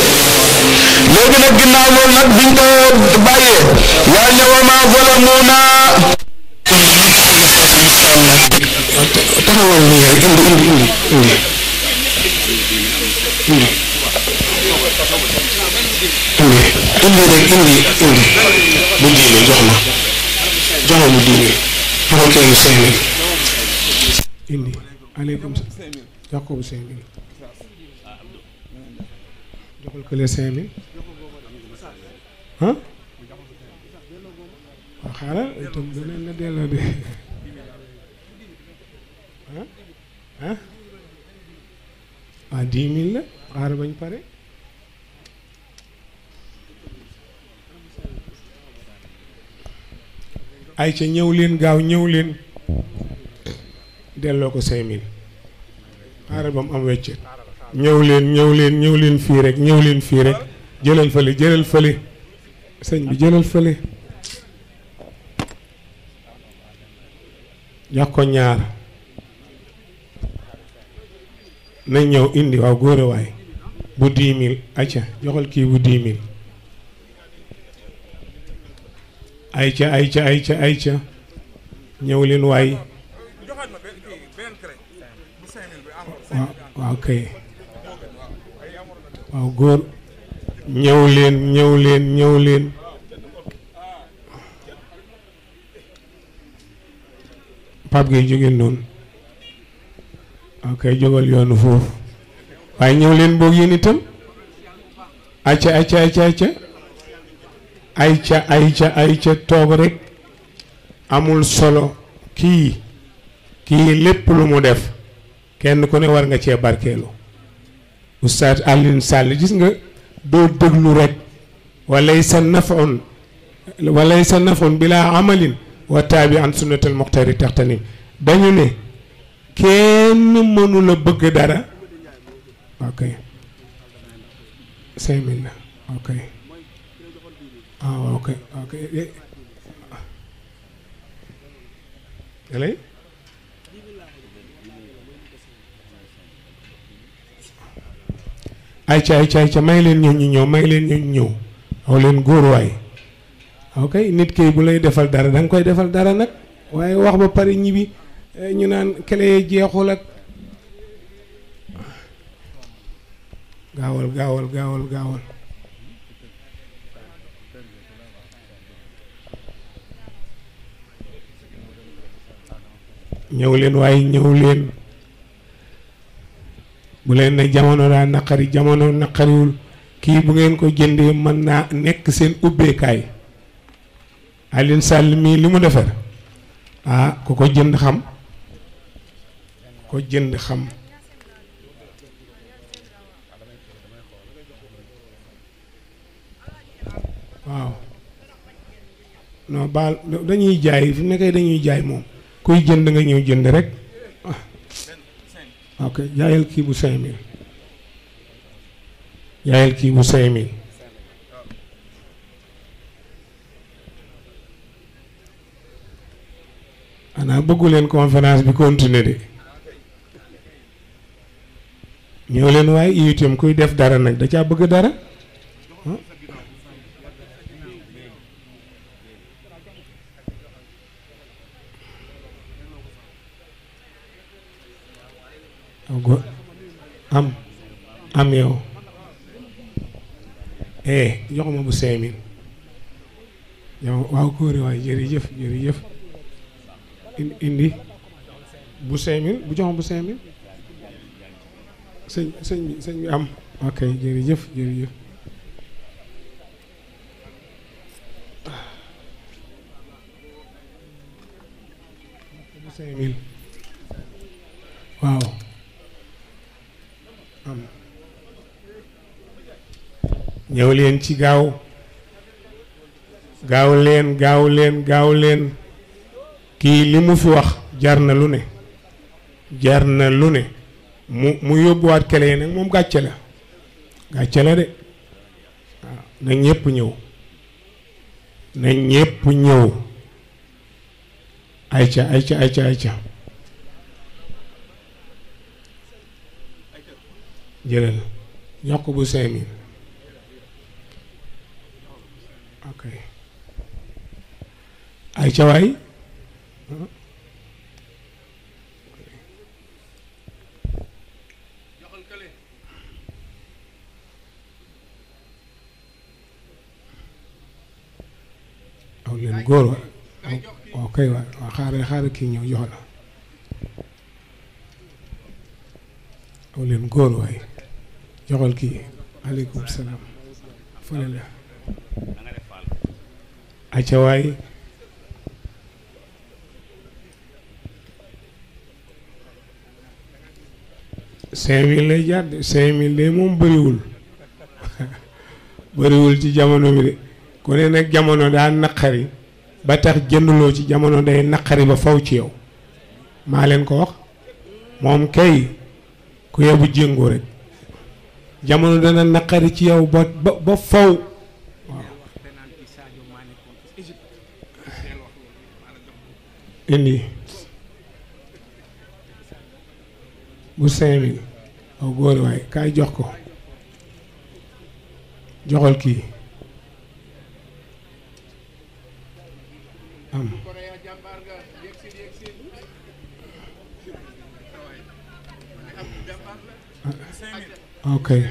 léegi nag ginnaaw loolu nag biñ ko bàyyee yàlla ne wa maa zalamuuna taxawal nii rek indi indi indi indi indi rek indi indi bu diine jox ma jox ma bu diine pour que cinq mille indi aleykum salaam jox ko bu cinq mille joxal kële cinq xaaral delloo de ah ah waaw la xaar bañ pare ay ca ñëw leen gaaw ñëw leen delloo ko cinq mille xaaral ba mu am wecc ñëw leen ñëw leen ñëw leen fii rek ñëw leen fii rek jëlal fële jëlal fële sëñ bi jëlal fële jox ko ñaar nañ ñëw indi waaw góor a waay bu dix mille acca joxal kii bu dix mille ayca ayca ayca ayca ñëw leen waay waaw ah, waaw kay góor ñëw leen ñëw leen ñëw leen pap gi jóge noonu waaw kay jógal yoonu foofu waaye ñëw leen boog itam acca acca acca acca ayca ayca toog rek amul solo kii kii lépp lu mu def kenn ku ne war nga cee barkeelu oustaz Alioune Sall gis nga doo déglu rek walay sa nafoon walay sa nafoon bilaa amalin wa taabi an sunnatal muxtari taxtani dañu ne kenn mënula bëgg dara ok cinq mille la ok ah ok ayca ayca ayca may leen ñoo ñu ñëw may leen ñoo ñu ñëw aw leen góor waay ok nit kay bu lay defal dara danga koy defal dara nag waaye wax ba pare ñibi eh, ñu naan kele jeexul ak gaawal gaawal gaawal gaawal ñëw leen waaye ñëw leen bu leen ne jamono daa naqari jamono naqariwul kii bu ngeen ko jëndee mën naa nekk seen ubbeekaay Alioune sàll mii li mu defar ah ku ko jënd xam ko jënd xam waaw non baal dañuy jaay fi nekkee dañuy jaay moom kuy jënd nga ñëw jënd rek ok jaayal kii bu 5000 jaayal kii bu 5000 xanaa bëgguleen leen bi continuer de ñëw leen waaye itam kuy def dara nag da caa bëgg dara. am am yow eh jox ma bu cinq mille yow waaw kóore waay jërëjëf jërëjëf indi bu cinq mille bu jox bu cinq mille sëñ sëñ bi sëñ bi am ok jërëjëf jërëjëf bu cinq mille waaw ñëwleen ci gaaw gaaw leen gaaw leen gaaw leen kii li mu fi wax jar na lu ne jar na lu ne mu mu yóbbuwaat kele yi nag moom gàcce la gàcce la de waaw ah, ñépp ñëw na ñépp ñëw ayca ayca ayca ayca jëlal jox ko bu cinq mille ok ay cawaay aw leen góor wa waaw kay waay waaw xaaral kii ñëw jox la aw leen góor waay joxal kii aleykum salaam fële la acca waay cinq de cinq mille de moom bëriwul bëriwul ci jamono bi de ku ne nag jamono daa naqari ba tax jënduloo ci jamono day naqari ba faw ci yow maa leen ko wax moom kay ku yebu jëngu rek jamono dana naqari ci yow ba ba faw indi bu cinq mille waaw góor waay kaay jox ko joxal kii waaw kay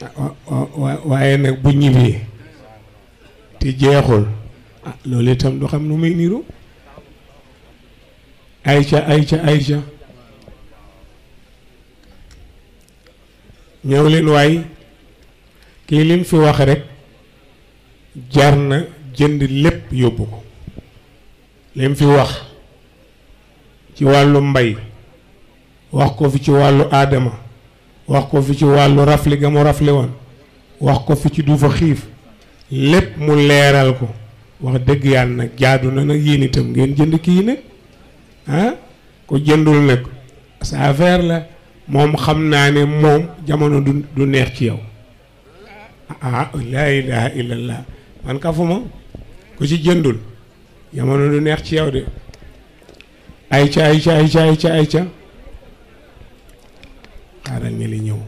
waaw waaye nag bu ñibbee te jeexul ah loolu itam du xam nu muy niru ayca ayca ayca ñëw leen waay kii lim fi wax rek jar na jënd lépp yóbbu ko lim fi wax ci wàllu mbay wax ko fi ci wàllu aadama wax ko fi ci wàllu rafle ga mu rafle woon wax ko fi ci duufa xiif lépp mu leeral ko wax dëgg yàlla nag jaadu na nag yéen itam ngeen jënd kii nag ah, ko jëndul nag sa affaire la moom xam naa ne moom jamono du neex ci yow ah la ilaha illallah man kafuma ku ci jëndul jamono du neex ci yow de ayca ayca ca ay ca xaaral ñu li ñëw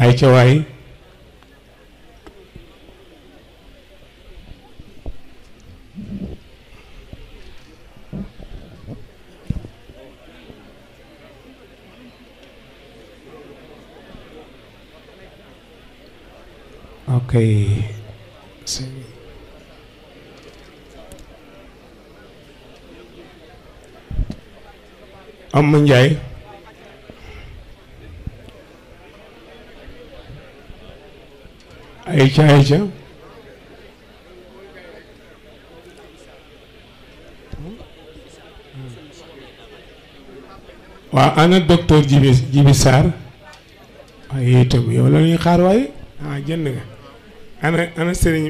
ayca waay ok am ma njaay ay ca ay ca waaw ana docteur Jibi Jibi Sarr waaye itam yow la xaar waaye ah jënd nga ana ana sëriñ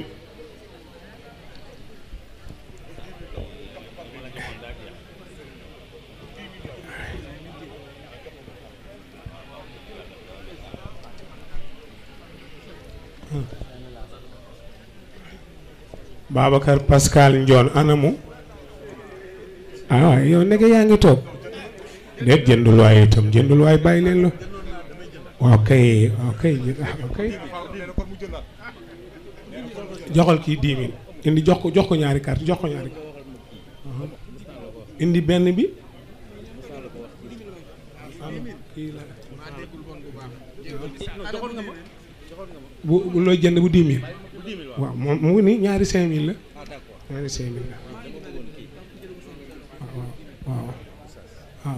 Babacar Pascal Ndione anamu ah yow ndeke yaa ngi toog déet jëndul waaye itam jëndul waaye bàyyi leen la waaw kay waaw kay kay joxal kii 10 indi jox ko jox ko ñaari carte jox ko ñaari carte uh-huh. indi benn bi bu bu looy jënd bu 10 000 waaw moom mu ni ñaari 5000 la ñaari 5000 la waaw waaw.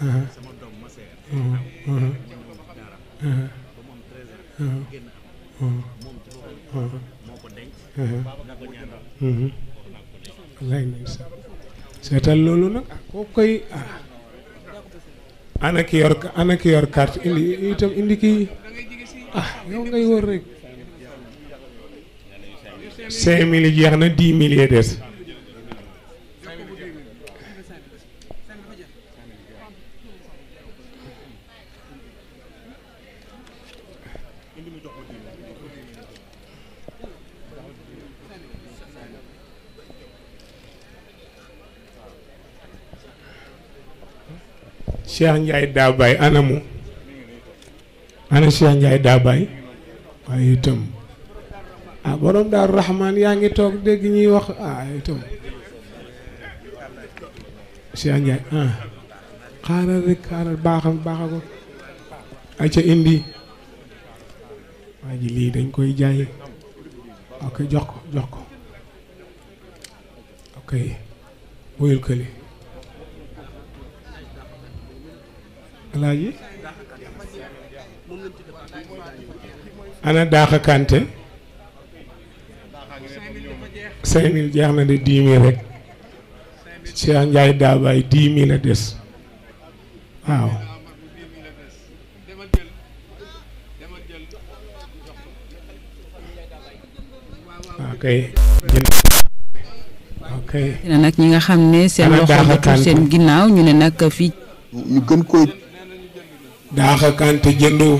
Uh-huh. rafetal loolu nag ah koo koy ah ana ki yor ana indi itam indi kii ah yow ngay wër rek cinq mille jeex na dix mille des Cheikh Ndiaye Daabay anamu ana Cheikh Ndiaye Daabay waaye itam ah borom Daaru Rahman yaa ngi toog dégg ñuy wax ah itam Cheikh Ndiaye ah xaaral rek xaaral baaxal baaxagul ayca indi waa ji lii dañ koy jaay ok jox ko jox ko ok wóyul kële. alaaji ana daaxa kante cinq mille jeex na de dix mille rek Cheikh Ndiaye daabaay dix mille des waaw ok. ok. nag ñi nga xam ne seen loxo seen ginnaaw ñu ne nag fii. ñu gën koy daaxa kante jëndoo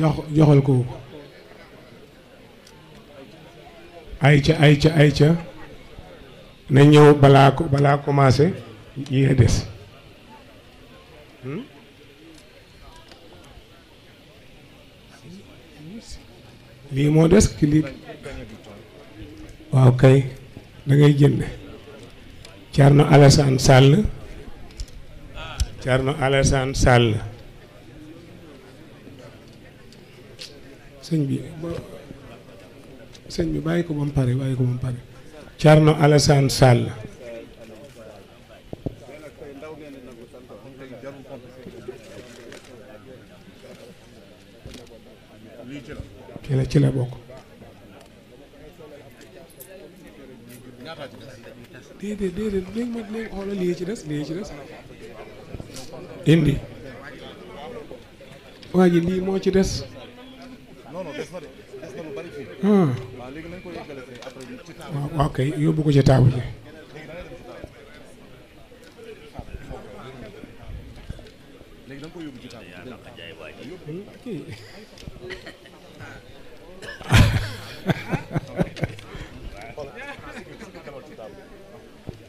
jox joxal ko ca ayca ayca na ñëw balaa ko balaa commencé yee des hmm? lii moo des ki lii waaw kay da ngay jënd Thierno Alassane Sall Thierno Alassane Sall sëñ bi sëñ bi bàyyi ko ba mu pare bàyyi ko ba mu pare Thierno Alassane Sall la ci la bokk ci des indi waa ji lii moo ci des ah waaw kay yóbbu ko ci taabu ji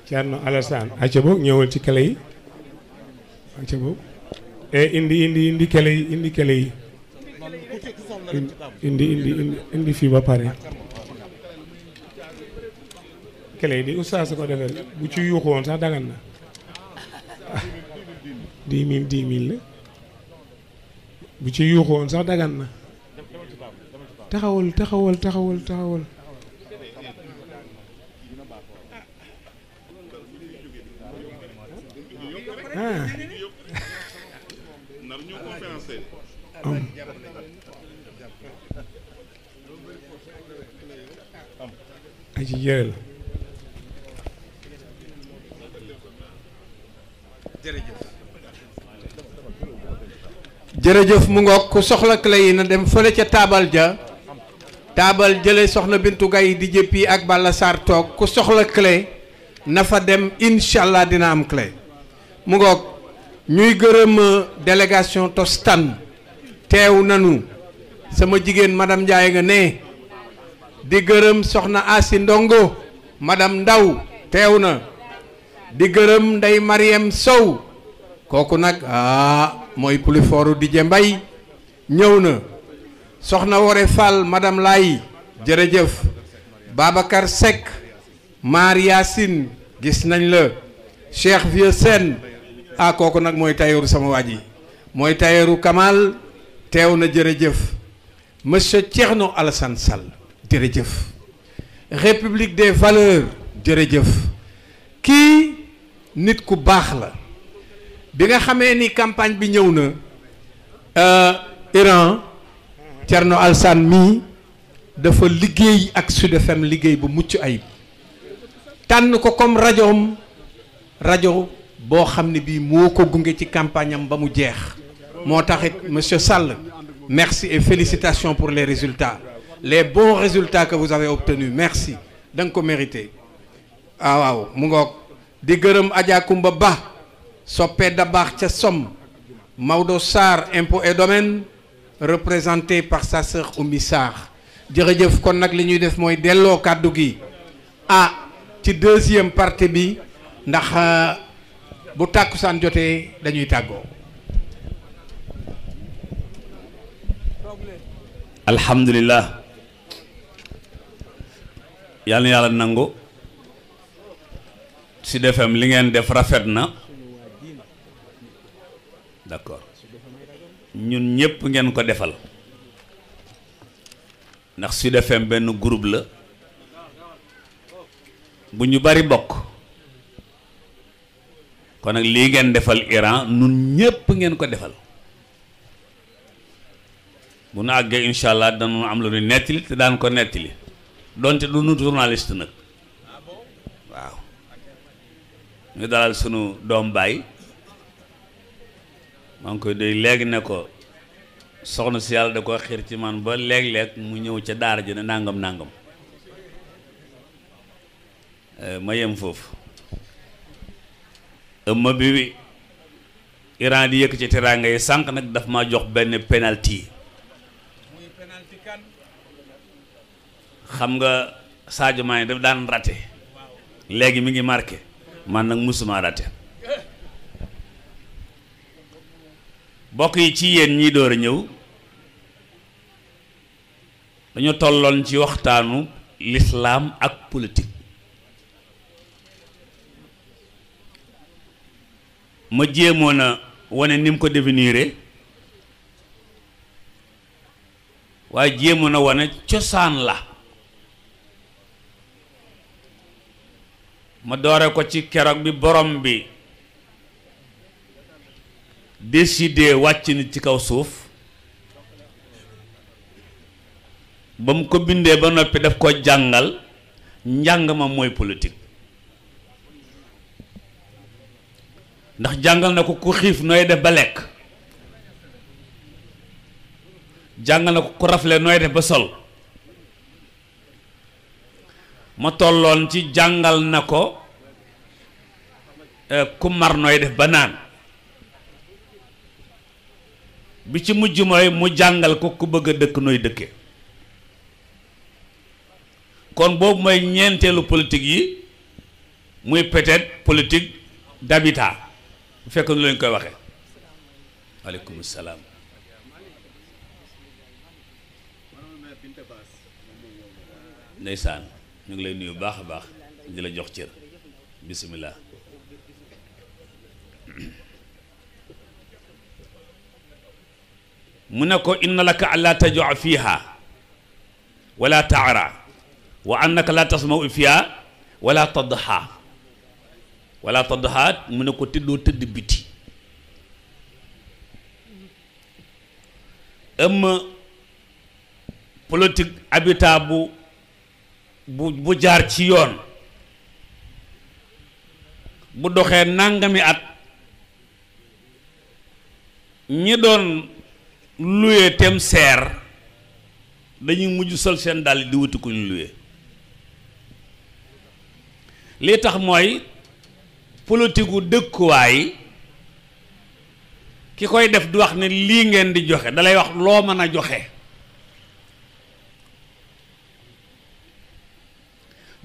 Thierno Alassane aca boog ñëwal ci kale yi acca boobu eh, indi indi indi kele yi indi kele yi indi indi indi fii ba pare kele yi di oustaz ko defee bu ci yuuxu woon sax dagan na di mille dix mille bu ci yuuxu woon sax dagan na taxawal taxawal taxawal taxawal ah. jërëjëf mu ngoog ku soxla clé yi na dem fële ca taabal ja taabal jële soxna Bintu Gaye di jëppi ak Balla Sarr toog ku soxla clé na fa dem incha allah dina am clé mu ngoog ñuy gërëm euh, délégation Tostan teew nanu sama jigéen madame Ndiaye nga ne di gërëm soxna Asi Ndongo madam Ndaw teew na di gërëm Ndey Mariam Sow kooku nag ah mooy plus fort di je mbay ñëw na soxna Wore Fall madame Laye jërëjëf Babacar Seck Mar Yacine gis nañ la Cheikh Vieux Sène ah kooku nag mooy tayeeru sama waa ji mooy tayeeru Kamal teew na jërëjëf monsieur Thierno Alassane Sall jërëjëf république des valeurs jërëjëf kii nit ku baax la bi nga xamee ni campagne bi ñëw na euh, Iran Thierno Alassane mii dafa liggéey ak Sud liggéey bu mucc ayib tànn ko comme rajoom rajo boo xam ne bii moo ko gunge ci campagne ba mu jeex moo taxit monsieur Sall merci et félicitation pour les résultats les bons résultats que vous avez obtenus merci da nga ko mérité ah waaw mu ngoog di gërëm Adja Kumba Ba soppee da baax ca Somme Maodo Sarr impôt et domaine représenté par sa sœur Oumi Sarr jërëjëf kon nag li ñuy def mooy delloo kàddu gi ah ci deuxième partie bi ndax euh, bu tàkkusaan jotee dañuy tàggoo alhamdulilah yal yàlla nangu Sud li ngeen def rafet na d'accord ñun ñëpp ngeen ko defal ndax Sud benn groupe la bu ñu bari bokk kon nag lii ngeen defal Iran nun ñëpp ngeen ko defal bu nu àggee incha allah danu am lu nu nettali te daan ko nettali donte du nu nag waaw ñu dalal sunu doom baay maa koy doy léegi ne ko soxna si yàlla da ko xiir ci man ba léeg-léeg mu ñëw ca daara ji ne nàngam nàngam eh, ma yem foofu ëmma bi Iran di yëkk ci teraanga yi sànq nag daf ma jox benn penalty xam nga Sadio Mané daf daan raté léegi mi ngi marqué man nag musuma raté bokk yi ci yéen ñiy door a ñëw dañu tolloon ci waxtaanu lislaam ak politik ma jéemoon a wane ni mu ko définiré waaye jéemoon a wane cosaan la ma doore ko ci keroog bi borom bi décidé wàcc nit ci kaw suuf ba mu ko bindee ba noppi daf ko jàngal njàng ma mooy politik ndax jàngal na ko ku xiif nooy def ba lekk jàngal na ko ku rafle nooy def ba sol ma tolloon ci jàngal na ko eh, ku mar nooy def ba naan bi ci mujj mooy mu jàngal ko ku bëgg a dëkk nooy dëkke kon boobu mooy ñeenteelu politique yi muy peut-être politique bu fekk nu lañ koy waxee aleykum salaam ñu ngi lay nuyu baax a baax di la jox cër bisimilah. mu ne ko inna laka an laa tajua fiiha wala taara wa annaka laa tasmau fiiha wala tadhaa wala tadhaa mu ne ko tëddoo tëdd biti ëmm politique habitat bu bu jaar ci yoon bu doxee nàngami at ñi doon luye tem seer dañuy mujj sol seen dàll di wuti ku ñu luye li tax mooy politiku dëkkuwaay ki koy def di wax ne lii ngeen di joxe dalay wax loo mën a joxe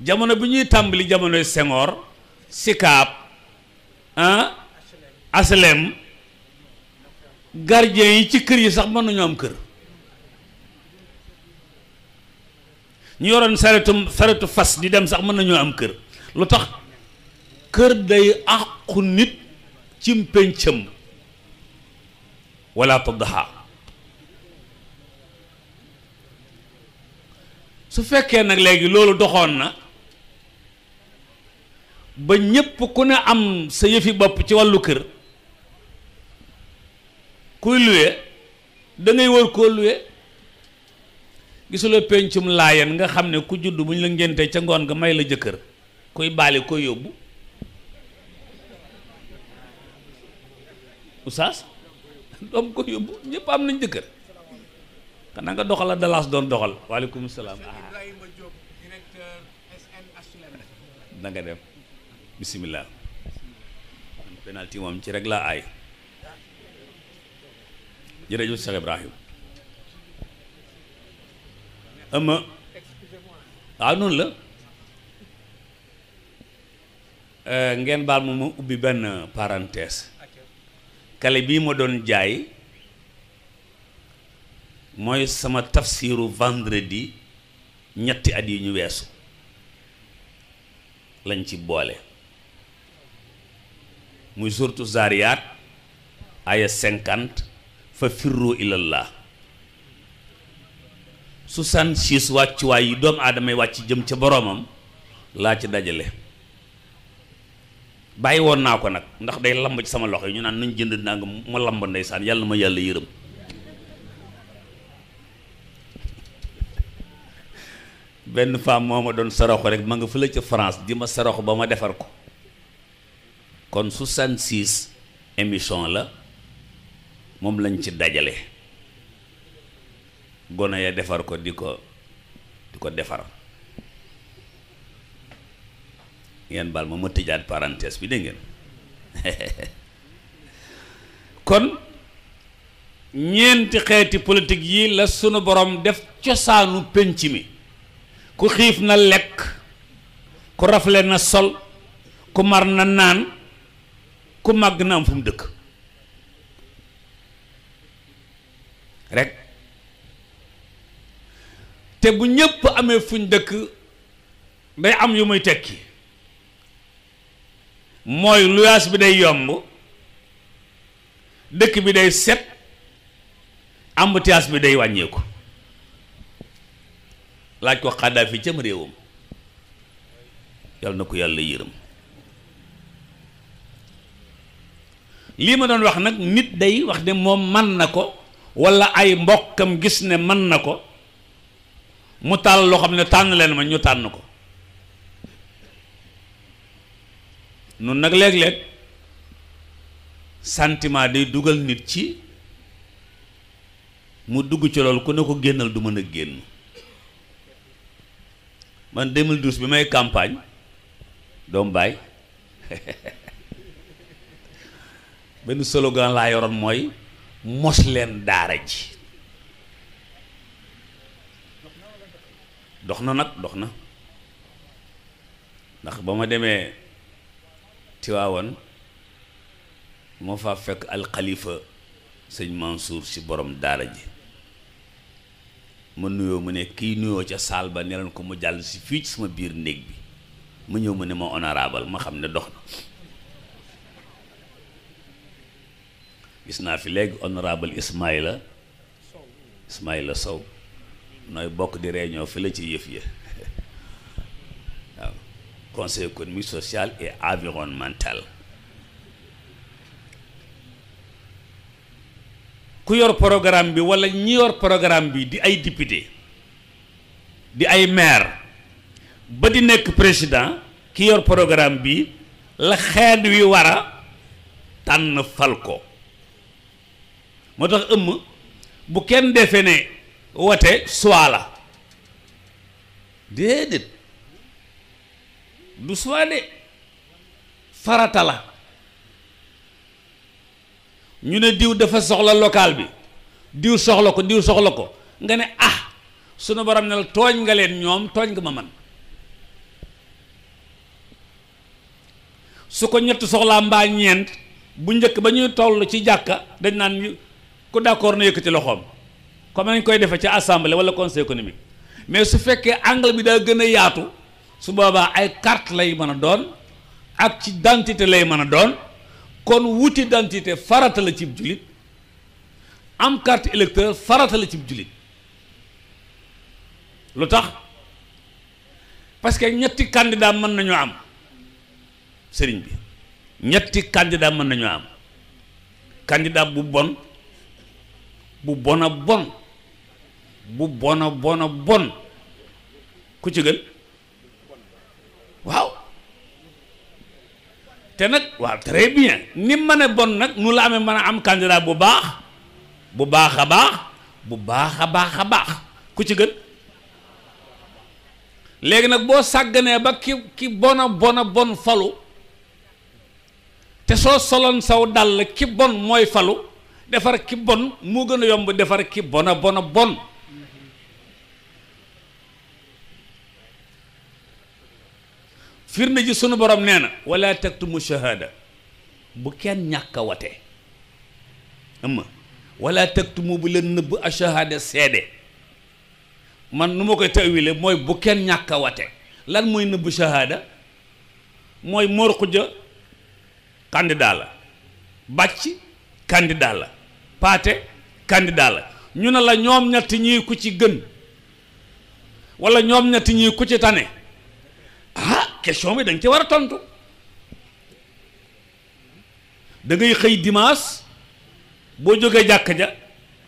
jamono bi ñuy tàmbali jamonoy Senghor Sicap ah aslem gardien yi ci kër yi sax mën nañu am kër ñu yoroon saretu fas di dem sax mën nañoo am kër lu tax kër day àqu nit cim péncam wala taddaha su fekkee nag léegi loolu doxoon na ba ñépp ku ne am sa yëfi bopp ci wàllu kër kuy luwe da ngay wër koo luwe gisuloo pencum laayeen nga xam ne ku juddu bu ñu la ngénte ca ngoon nga may la jëkkër kuy baale koy yóbbu oustaz doom ko yóbbu ñépp am nañ jëkkër xanaa nga doxal a dalaas doon doxal waaleykum salaam da dem bisimilah man penalti moom ci rek laa aay ju Cheikh Ibrahim ama waaw noonu la euh, ngeen baal ma ma ubbi benn parenthèse kale bii ma doon jaay mooy sama tafsiru vendredi ñetti at yi ñu weesu lañ ci boole muy surtu zaariyaat aya cinquante fa firru ilallah soixante-six wàccuwaay yi doom aadamay yi wàcc jëm ca boroomam laa ci dajale bàyyi woon naa ko nag ndax day lamb ci sama loxo yi ñu naan nañ jënd naa nga ma lamb ndeysaan yàlla ma yàlla yërëm benn femme moo ma doon saraxu rek ma nga fële ca France di ma saraxu ba ma defar ko kon 66 émission la moom lañ ci dajale gone ya defar ko di ko di ko defar ngeen baal ma ma tëjaat parenthèse bi dégg ngeen kon ñeenti xeeti politique yi la sunu boroom def cosaanu pénc mi ku xiif na lekk ku rafle na sol ku mar na naan ku màgg na am fu mu dëkk rek te bu ñépp amee fuñ dëkk day am yu muy tekki mooy luyaas bi day yomb dëkk bi day set embouteillage bi day wàññeeku laaj ko Kadhafi cam réewam yàlla na ko yàlla yërëm lii ma doon wax nag nit day wax de moom man na ko wala ay mbokkam gis ne man na ko mu tàll loo xam ne tànn leen ma ñu tànn ko nun nag léeg-léeg santiment day dugal nit ci mu dugg ci loolu ku ne ko génnal du mën a génn man 2012 bi may campagne doom baay benn slogan laa yoroon mooy mos leen daara ji dox na nag dox na ndax ba ma demee Tiwaawan moo fa fekk alxalifa sëñ Mansour si borom daara ji ma nuyoo mu ne kii nuyoo ca saal ba ne leen ko mu jàll si fii ci sama biir néeg bi mu ñëw mu ne ma honorable ma xam ne dox na gis naa fi léegi honorable Ismaïla Ismaïla Sow nooy bokk di réunion fi la ci yëf ya waaw conseil économique social et environnemental ku yor programme bi walla ñi yor programme bi di ay député di ay maire ba di nekk président ki yor programme bi la xeet wi war tànn fal ko moo tax ëmm bu kenn defe ne wate soit la déedéet du soit de farata la ñu ne diw dafa soxla local bi diw soxla ko diw soxla ko nga ne ah sunu borom ne la tooñ nga leen ñoom tooñ nga ma man su ko ñett soxlaa mbaa ñeent bu njëkk ba ñuy toll ci jàkka dañ naan ku d'accord na yëkkati loxoom comme nañ koy defee ca assemblée wala conseil économique mais su fekkee angle bi daa gën a yaatu su boobaa ay carte lay mën a doon ak ci dentité lay mën a doon kon wuti dentité farata la cib julit am carte électeur farata la cib julit lu tax parce que ñetti candidat mën nañoo am sëriñ bi ñetti candidat mën nañoo am candidat bu bon bu bon a bon bu bon a bon a bon ku ci gën waaw te nag waaw très bien ni mën a bon nag nu la amee mën a am candidat bu baax bu baax a baax bu baax a baax a baax ku ci gën léegi nag boo sàgganee ba ki ki bon a bon a bon falu te soo soloon saw dàll ki bon mooy falu defar ki bon moo gën a yomb defar ki bona bona bon firnde ji sunu borom nee na wala taktumu shahada bu kenn ñàkk a wate am wala bu leen nëbb a shahada seede man nu ma koy tawile mooy bu kenn ñàkk lan mooy nëbb shahada mooy Mor Xuja candidat la bàcc candidat la paate candidat la ñu ne la ñoom ñett ñii ku ci gën wala ñoom ñett ñii ku ci tane ah question bi dañ nga ci war a tontu da ngay xëy dimaas boo jógee jàkk ja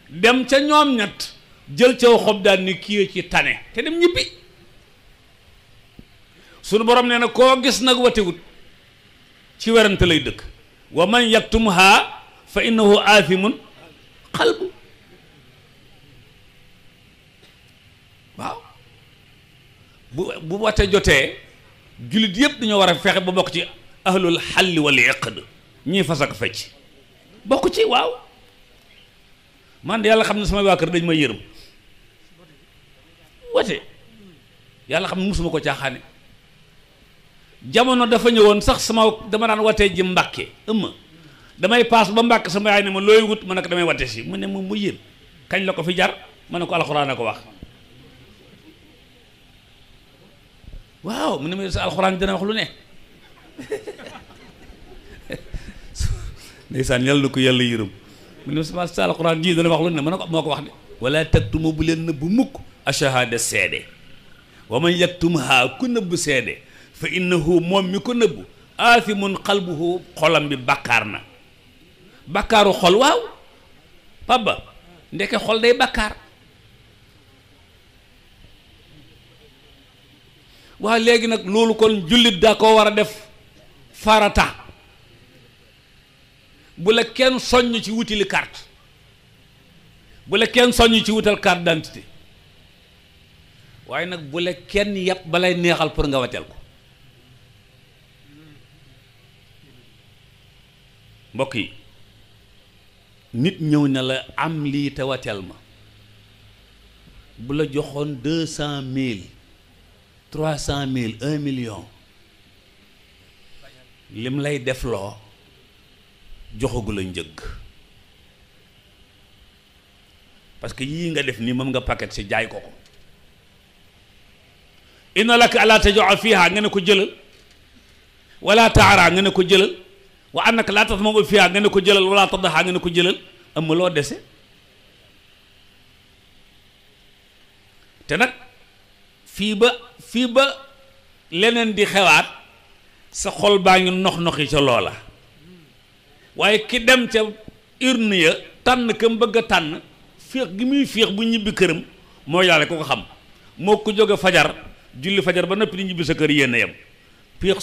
dem ca ñoom ñett jël ca xob daan ni kii ci tane te dem ñibbi sunu borom nee na koo gis nag watewut ci werante lay dëkk wa man yaktumha fa innahu aathimun xalbu waaw bu bu wate jotee jullit yëpp dañoo war a fexe ba bokk ci ahlul xalli wal iqd ñuy fas ak fecc bokk ci waaw man de yàlla xam ne sama waa kër dañ may yërëm wate yàlla xam ne musuma ko caaxaane jamono dafa ñëwoon sax sama dama daan watee ji mbàkke ëmma damay paas ba mbàkk sama yaay ne ma looy wut ma ne ko damay watte si mu ne ma mu yéen kañ la ko fi jar ma ne ko alxuraan a ko wax waaw mu ne ma sa ko yàlla yërëm mu ne ma sa alxuraan jii dana wax lu ne ma ne ko moo ko wax de wala taktuma bu leen nëbb mukk ashahada seede wa man yaktumha ku nëbb seede fa innahu moom mi ko nëbb aathimun qalbuhu xolam bi bàkkaar na bakkaaru xol waaw pabba ndeke xol day bakkaar waaw léegi nag loolu kon jullit daa ko war a def farata bu la kenn soññ ci wutili kart bu la kenn soññ ci wutal carte d'identité waaye nag bu la kenn yàpp balay neexal pour nga wateel ko mbokk yi nit ñëw ne la am lii te wateel ma bu la joxoon deux cent mille trois cent mille un million lim lay def loo joxagu la njëg parce que yii nga def nii moom nga paquet si jaay ko ko inna laka ala tajua fiha nga ne ko jëlal wala taara nga ne ko jëlal wa annaka laa tax moom fiyaa nga ne ko jëlal wala taddaxaa nga ne ko jëlal am loo dese te nag fii ba fii ba leneen di xewaat sa xol baa ngi nox-noxi ca loola waaye ki dem ca urne ya tànn kam bëgg a tànn féex gi muy féex bu ñibbi këram moo yàlla ko ko xam moo ko jóge fajar julli fajar ba noppi di ñibbi sa kër yéen a yem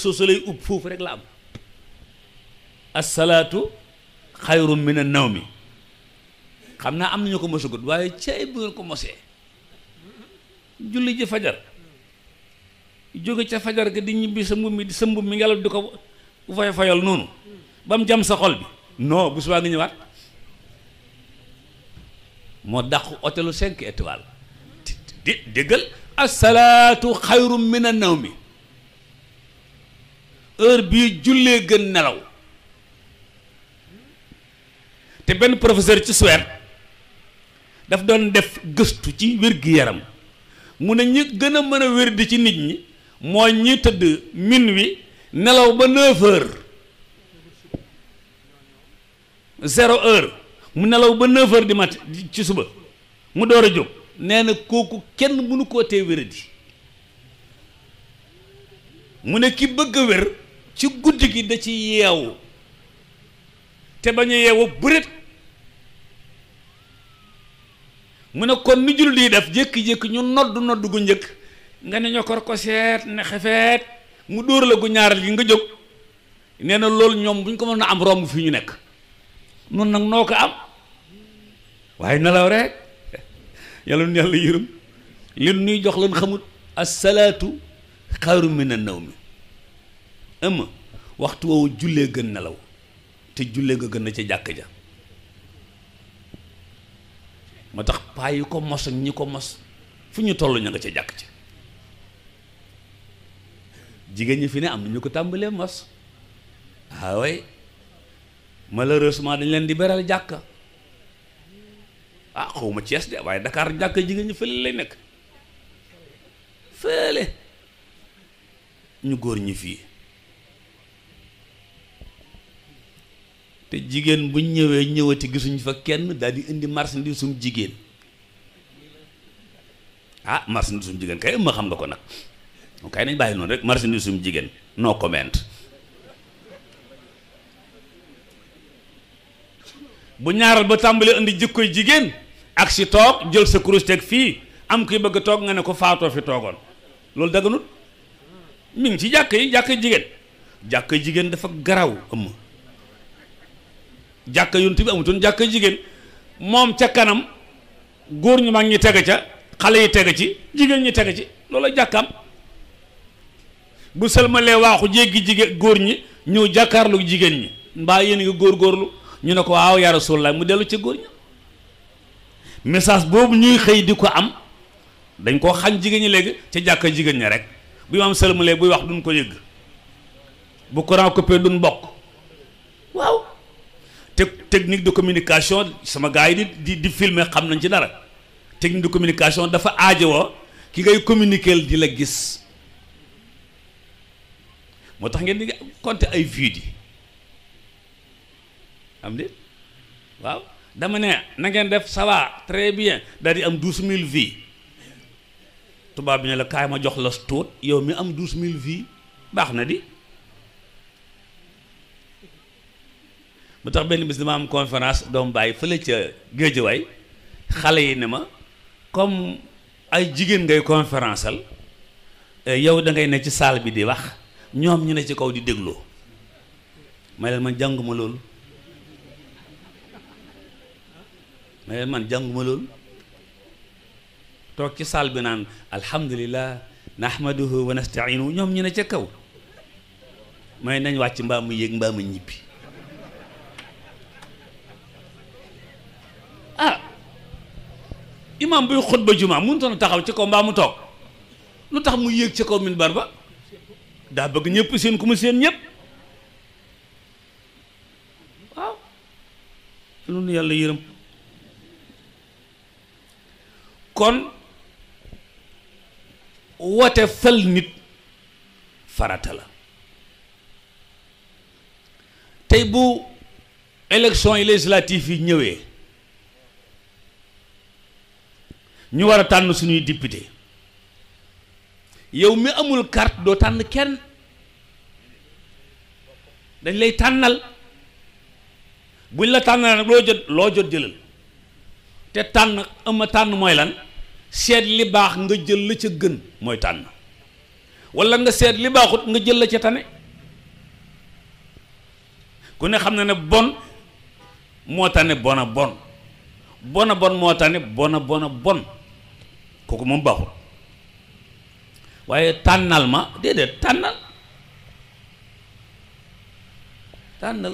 soo sa lay ub foofu rek la am assalaatu xayrum min a naw mi xam naa am nañu ko mosagut waaye cay bu ngeen ko mosee julli ji fajar jóge ca fajar ga di ñibbi sa mbub mi sa mbubb mi ngelaw di ko fay fayal noonu ba mu jam sa xol bi non bu subaa nga ñëwaat moo dàqu hôtelu cinq étoiles di déggal asalaatu xayrum min a naw mi heure bii jullee gën nelaw te benn professeur ci Suède daf doon def gëstu ci wér-gi-yaram mu ne ñi gën a mën a wér ci nit ñi mooy ñi tëdd wi nelaw ba 9 heures heure mu nelaw ba 9 heures di mat ci suba mu door a jóg nee na kooku kenn mënu koo tee wéradi mu ne ki bëgg a wér ci guddi gi da ci yeewu te bañ a yeewu bërit mu ne kon ni jullit yi def jékki-jékki ñu nodd nodd gu njëkk nga ne ñoo ko seet ne xefeet mu dóor la gu ñaaral gi nga jóg nee na loolu ñoom bu ñu ko mën a am romb fi ñu nekk noonu nag noo ko am waaye nelaw rek yàlla nu yàlla yërëm li nuy jox lan xamut assalaatu xayru mina nawmi ëmm waxtu woowu jullee gën nelaw te julle nga gën a ca jàkk ja ma tax paa yi ko mos ak ñi ko mos fu ñu toll ña nga ca jàkk ci jigéen ñi fi ne am na ko tàmbalee mos ah oui malheureusement dañ leen di beral jàkka ah xawma cees de waaye jàkk jàkka jigéen ñi fële lay nekk fële ñu góor ñi fii te jigéen buñ ñëwee ñëwati gisuñu fa kenn daal di indi marchandise sum jigéen ah marchandise sum jigéen kay ëmma xam nga ko nag kay nañ bàyyi noonu rek marchandise jigéen noo comment bu ñaaral ba tàmbali indi jikkoy jigéen ak si toog jël sa kurus teg fii am ki bëgg a toog nga ne ko faatoo fi toogoon loolu daganut mi ngi ci jàkk yi jàkk jigéen jàkk jigéen dafa garaw ëmm jàkka yonent bi amutoon jàkka jigéen moom ca kanam góor ñu mag ñi teg ca xale yi teg ci jigéen ñi teg ci loolu jàkk jàkkaam bu sëlmalee waaxu jéggi jigéen góor ñi ñëw jàkkaarlu jigéen ñi mbaa yéen ngi góorlu ñu ne ko waaw yaa Rasulullah mu dellu ca góor ñi message boobu ñuy xëy di ko am dañ koo xañ jigéen ñi léegi ca jàkka jigéen ñi rek bu imaam sëlmalee buy wax duñ ko yëgg bu courant coupé duñ bokk waaw te technique de communication sama gars yi di di di filmer xam nañ ci dara technique de communication dafa aajo aajowoo ki ngay communiquer di la gis moo tax ngeen di compter ay vues am de waaw dama ne na ngeen def ça va très bien daal di am douze mille vie tubaab bi ne la kaay ma jox la tuut yow mi am douze mille vie baax na di. mu tax benn bis dama am conférence doom bàyyi fële ca géejawaay xale yi ne ma comme ay jigéen ngay conférence al eh, yow da ngay ne ci salle bi di wax ñoom ñu ne ci kaw di dégloo ma leen man jànguma loolu ma man jànguma toog ci salle bi naan alhamdulillah nahmaduhu wa wu ñoom ñu ne ca kaw may nañ wàcc mbaam mu yéeg mbaa mu ñibbi ah imaam buy xutba juma mënutoon a taxaw ci kaw mbaa mu toog lu tax mu yéeg ci kaw minbar ba daa bëgg ñëpp seen ku mu seen ñëpp waaw lu nu yàlla yërëm kon wote fal nit farata la tey bu élection yi législative yi ñëwee ñu war a tànn suñuy député yow mi amul carte doo tànn kenn dañ lay tànnal buñ la tànnal nag loo jot loo jot jëlal te tànn ama tànn mooy lan seet li baax nga jël la ca gën nga seet li baaxut nga jël la ca tane ku ne xam na ne bon moo tane bona bon bona bon moo tane bona bona bon kooku moom baaxul waaye tànnal ma déedéet tànnal tànnal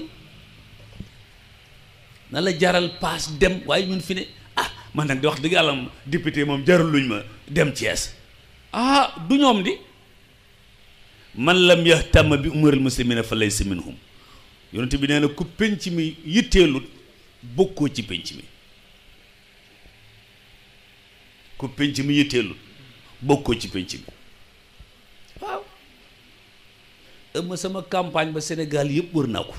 na la jaral paas dem waaye ñun fi ne ah man nag di wax dëgg yàlla député moom jaral luñ ma dem Thiès ah du ñoom di man lam yahtam bi umaril muslimina fa laysa minhum yonent bi nee na ku penc mi yitteelut bokkoo ci penc mi ku pénc mi yitteelu bokkoo ci pénc mi waaw ëmma sama campagne ba Sénégal yëpp wër naa ko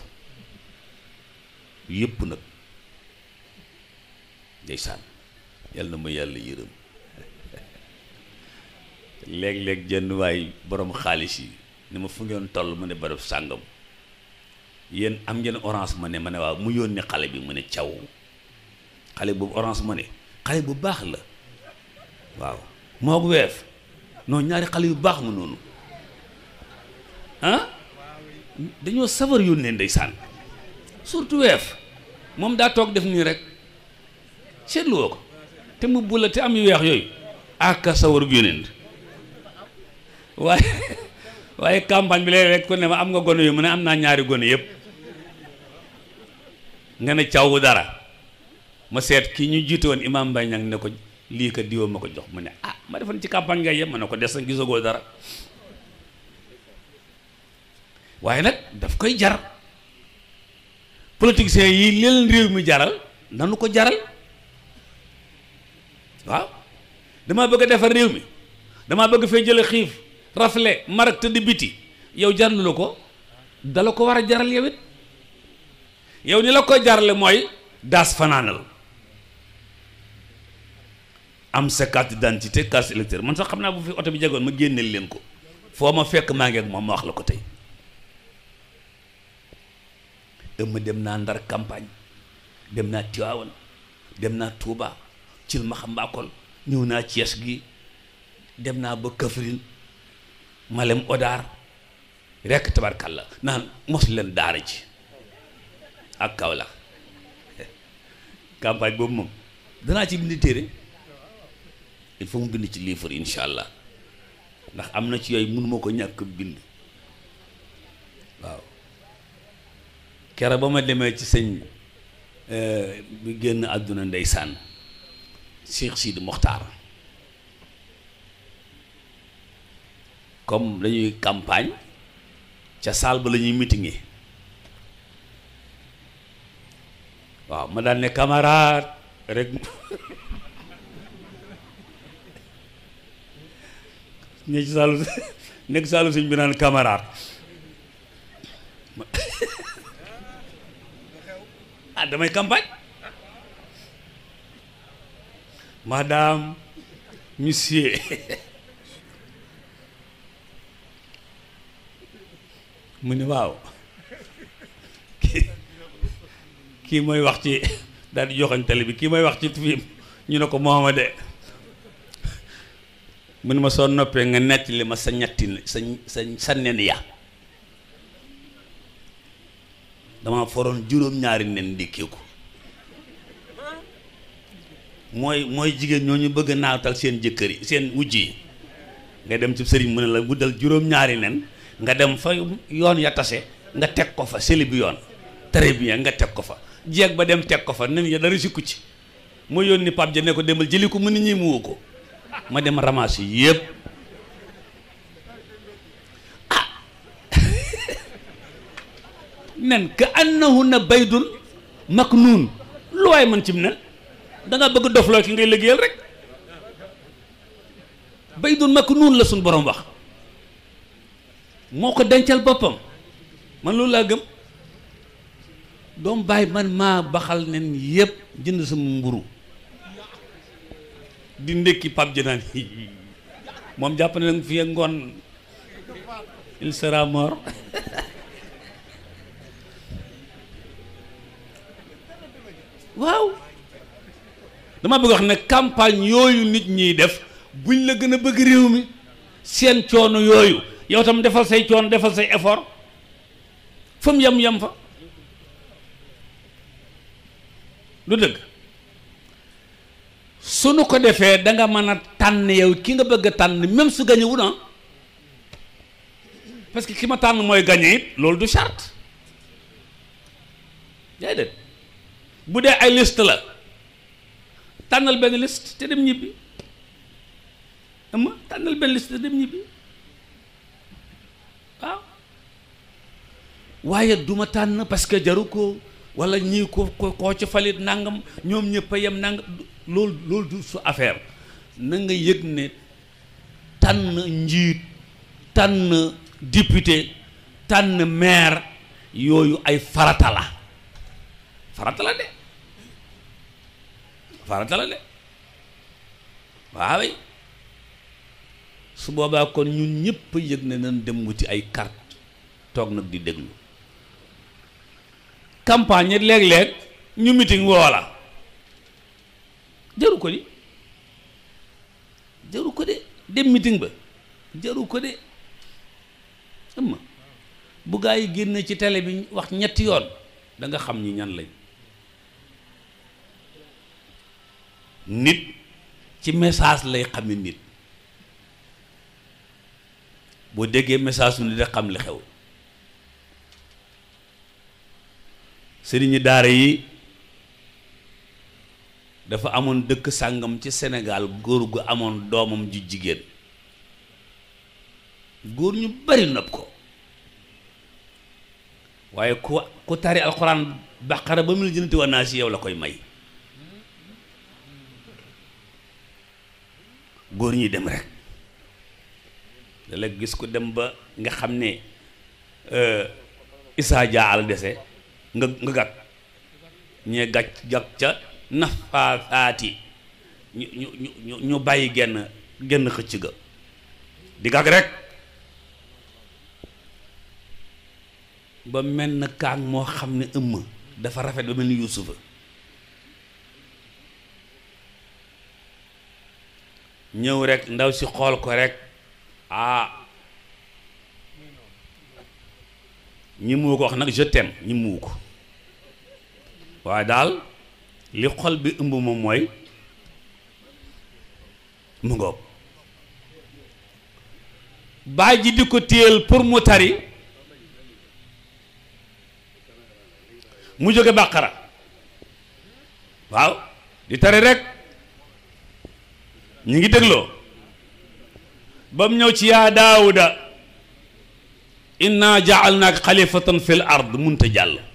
yëpp nag ndeysaan yàlla na ma yàlla yërëm léeg-léeg jenn waay boroomu xaalis yi ni ma fu ngeen toll mu ne barab sàngam yéen am ngeen orange ma ne ma ne waaw mu yónni xale bi mu ne caw xale boobu orange ma ne xale bu baax la waaw moo ko weef noonu ñaari xale yu baax ma noonu ah dañoo sawar yónnee ndeysaan surtout weef moom daa toog def nii rek seetluwoo ko te mu bula te am yu weex yooyu aka ah, sawar bu yónnee waaye campagne bi lay rek ko ne ma am nga gone yu mu ne am naa ñaari gone yëpp nga ne caw dara ma seet kii ñu jiite woon imaam Mbaye ñang ne ko lii ko diwa ma ko jox mu ne ah ma defoon ci campagne ngay yem ma ne ko des na gisagoo dara waaye nag daf koy jar politiciens yi leen réew mi jaral nanu ko jaral waaw damaa bëgg a defar réew mi damaa bëgg fee jële xiif rafle marak tëdd biti yow jarlu la ko dala ko war a jaral yow it yow ni la koy jarale mooy daas fanaanal am sa carte d'identité carte électeur man sax xam naa bu fi oto bi jegoon ma génneel leen ko foo ma fekk maa ngi ak moom ma wax la ko tey ëmma dem naa ndar campagne dem naa Tivaouane dem naa Touba cil ma xam mbaakol ñëw naa Thiès gi dem naa ba Kaffrine Malem Odar rekk tabarkàlla naan mos leen daara ji ak Kaolack campagne boobu moom danaa ci bind téere il faut mu bind ci livre incha allah ndax am na ci yooyu mënuma ko ñàkk bind waaw kere ba ma demee ci sëñ euh, bi génn àdduna ndeysaan Cheikh Sidi Mokhtar comme dañuy campagne ca saal ba la ñuy mitinge waaw ma daal ne camarade rek ne ci nekk saalu bi naan camarade ah damay campagne madame monsieur mu ne waaw kii mooy wax ci daal di joxañ bi kii mooy wax ci film ñu ne ko Mohamade mu ma soo noppee nga nettali ma sa ñetti sa sa sa nen ya dama foroon juróom-ñaari nen ndikkee ko mooy mooy jigéen ñoo ñu bëgg naatal seen jëkkër yi seen wujj yi nga dem ci sëriñ mu ne la guddal juróom-ñaari nen nga dem fa yoon ya tase nga teg ko fa seli bi yoon très bien nga teg ko fa jeeg ba dem teg ko fa nen ya dara sikku ci mu yónni Pape ja ne ko demal jëli ko mu ni ñi mu ko ma dem ramasser yëpp ah nen ka annahunna baydun maknuun lu waay man ci mu nen danga bëgg dofloo ki ngay liggéeyal rek baydun maknuun la suñ borom wax moo ko dencal boppam man loolu laa gëm doom bàyyi man maa baxal nen yëpp jënd sama mburu di ndékki Pape Djenane moom jàpp na fi ngoon il sera mort waaw dama bëgg wax ne campagne yooyu nit ñiy def buñ la gën a bëgg réew mi seen coono yooyu yow tam defal say coono defal say effort fa yam yem yem fa lu dëgg su nu ko defee da nga mën a tànn yow ki nga bëgg a tànn même su gañewul na ah. parce que ki ma tànn mooy gañu it loolu du charte yaay déet bu dee ay liste la tànnal benn liste te dem ñibbi ama tànnal benn liste te dem ñibbi waaw waaye duma tànn parce que jaru ko wala ñii ko ko koo ci falit nangam ñoom ñëpp yem nangam loolu loolu su affaire na nga yëg ne tànn njiit tànn député tànn maire yooyu ay farata la de farata la de waaw su boobaa kon ñun ñëpp yëg ne nañ dem wuti ay carte toog nag di déglu campagne léeg-léeg ñu meeting woo la jaru ko di jaru ko de dem meeting ba jaru ko de xam bu yi génn ci télé bi wax ñetti yoon danga xam ñi ñan lañ nit ci message lay xame nit boo déggee message su nit da xam li xew sëriñu daara yi dafa amoon dëkk sàngam ci senegaal góor gu amoon doomam ju jigéen góor ñu bari nopp ko waaye ku ku tari alxuraan baqara ba mu la jënati yow la koy may góor ñi dem rek la gis ko dem ba nga xam ne euh, isaa jaal nga nga gàtt ñee gàcc gàcc ca nafaafaati ñu ñu ñu ñu bàyyi genn genn xëcc ga di rek ba mel na kaang moo xam ne ëmm dafa rafet ba mel ni yuusufa ñëw rek ndaw si xool ko rek ah ñi muu ko wax nag je t'aime ñi muu ko waaye daal li xol bi ëmb moom mooy mu ngoog baa ji di ko téyel pour mu tari mu jóge bàqara waaw di tari rek ñu ngi dégloo ba mu ñëw ci yaa daawuda inna xalifa xalifatan fil ard munta jàll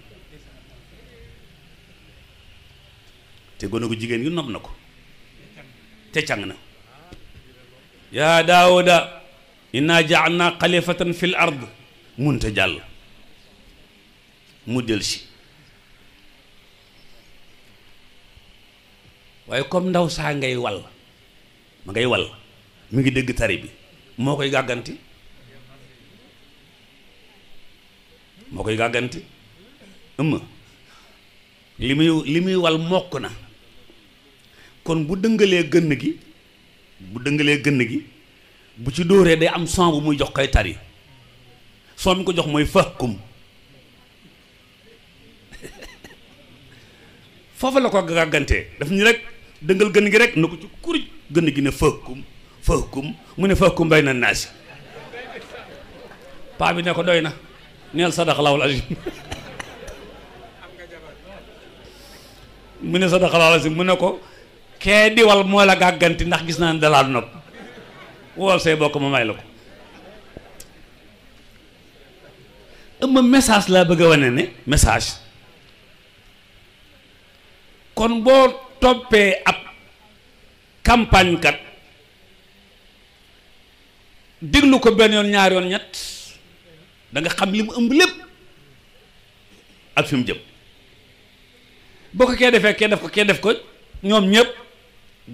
te gone gu jigéen gi nopp na ko te càng na yaa daawuda inna ja'alna xalifatan fil ard munta jàll mu del si waaye comme ndaw saa ngay wal ma ngay wal mu ngi dégg tari bi moo koy gàgganti moo koy gàgganti ëmm li muy li muy wal mokk na kon bu dëngalee gënn gi bu dëngalee gënn gi bu ci dóoree day am son bu muy jox koy tari son bi ko jox mooy fahkum foofu la ko gàggantee daf ni rek dëngal gën gi rek na ko ci kuruj gën gi ne fahkum fahkum mu ne fahkum bay na naasi paa bi ne ko doy na neel sadaqallahul azim mu ne sadaqallahul azim mu ne ko kee di moo la gàgganti ndax gis naa ne dalaa nopp wool say bokk ma may la ko ëmma message laa bëgg a wane ne message kon boo toppee ab campagne kat déglu ko benn yoon ñaar yoon ñett danga xam li mu ëmb lépp ak fi mu jëm boo ko kee defee kee def ko kee def ko ñoom ñëpp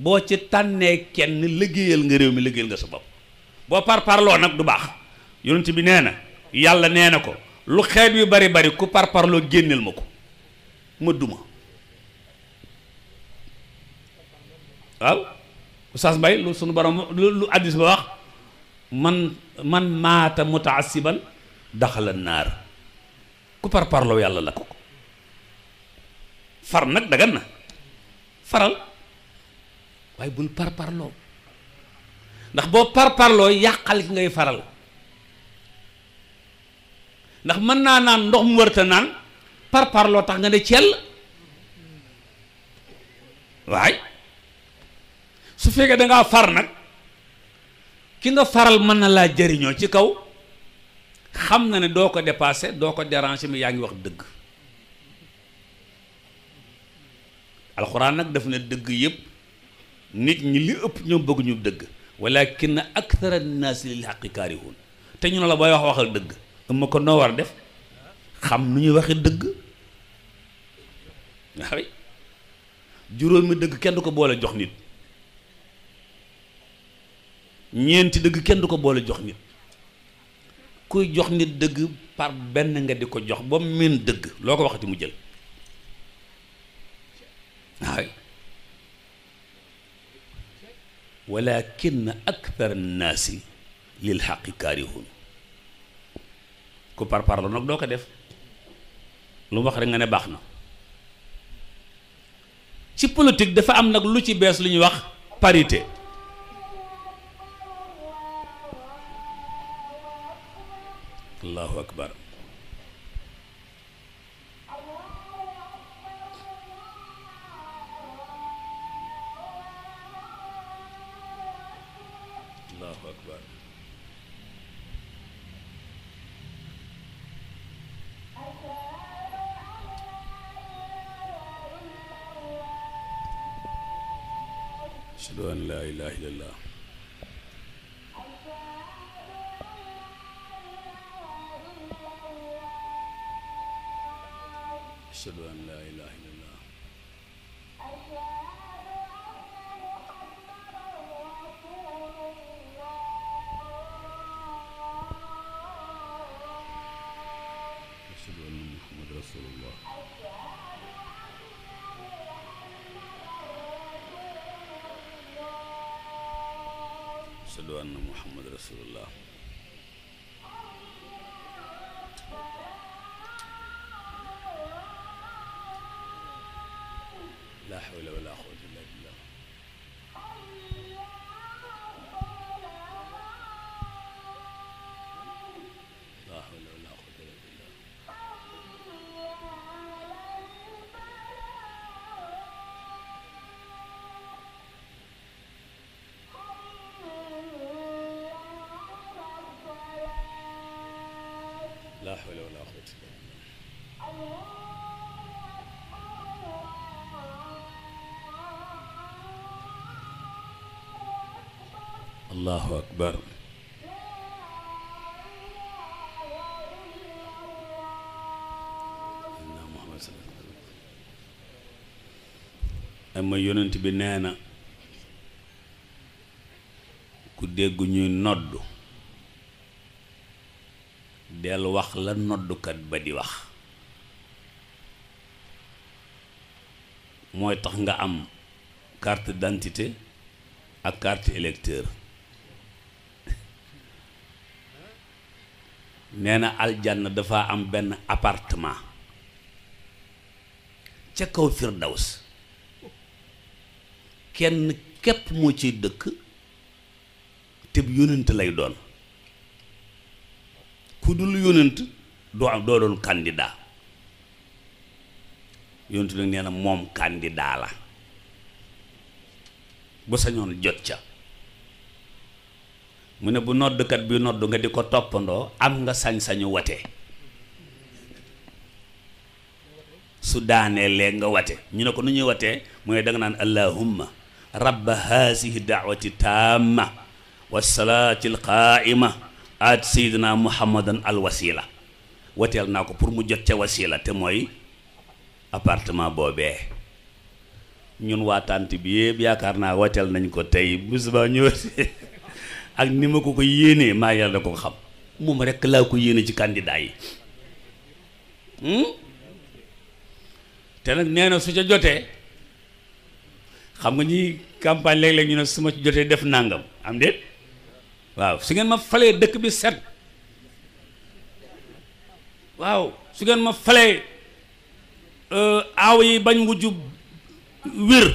boo ci tànnee kenn liggéeyal nga réew mi liggéeyal nga sa bopp boo parloo nag du baax yonent bi nee na yàlla nee na ko lu xeet yu bari bari ku parparloo génneel ma ko ma duma waaw Oustaz Mbaye lu sunu borom lu addis ba wax man man maata mutaasiban daxala naar ku parparloo yàlla la ko ko far nag dagan na faral waaye bul parparloo ndax boo parparloo yàqal ki ngay faral ndax mën naa naan ndox mu wërta naan par parparloo tax nga ne cell waaye su fekkee dangaa far nag ki nga faral mën na laa jëriñoo ci kaw xam na ne doo ko dépassé doo ko déranger mi yaa ngi wax dëgg alxuraan nag daf ne dëgg yépp nit ñi li ëpp ñoom bëgg ñu dëgg walakin akthara nnaasi lil haqqi kaarihuun te ñu ne la booy wax waxal dëgg ëmma ko noo war def xam nu ñuy waxe dëgg waaw juróomi dëgg kenn du ko boole jox nit ñeenti dëgg kenn du ko boole jox nit kuy jox nit dëgg par benn nga di ko jox ba mu mën dëgg loo ko waxati mu jël waaw walakin akthar nnaasi lil xaqi kaarihun ku parpar la nag doo ko def lu mu wax rek nga ne baax na ci politique dafa am nag lu ci bees lu ñuy wax parité allahu akbar ashhadu an laa ilaaha illallah ashhadu an laa ashhadu anna muhammad rasulullah la hawla wala ولا ولا bi nee na ku dégg ñuy noddu del wax la noddukat ba di wax mooy tax nga am carte d'identité ak carte électeur nee na aljanna dafa am benn appartement ca kaw firdaws kenn képp moo ciy dëkk te yónnent lay doon ku dul yónent doo am doo doon candidat yónent nag nee na moom candidat la bu sañoon jot ca mu ne bu noddkat bi nodd nga di ko toppandoo am nga sañ-sañu wate su daanee léeg nga wate ñu ne ko nu ñuy watee mooy danga naan allahumma rabba haasihi daawati taamma wasalaati alqaa'ima aat seydina muhammadan al wasila wateel naa ko pour mu jot ca wasila te mooy appartement boobee ñun tànt bi yëpp yaakaar naa wateel nañ ko tey bis ba ñëw ak ni ma ko ko yéenee maa yàlla ko xam moom rekk laa ko yéene ci candidat yi hmm? te nag nee na su ca jotee xam nga ñi campagne léeg-léeg ñu ne su ma ci jotee def nangam am déet waaw su ngeen ma falee dëkk bi set waaw su ngeen ma falee euh, aaw yi bañ wujj wir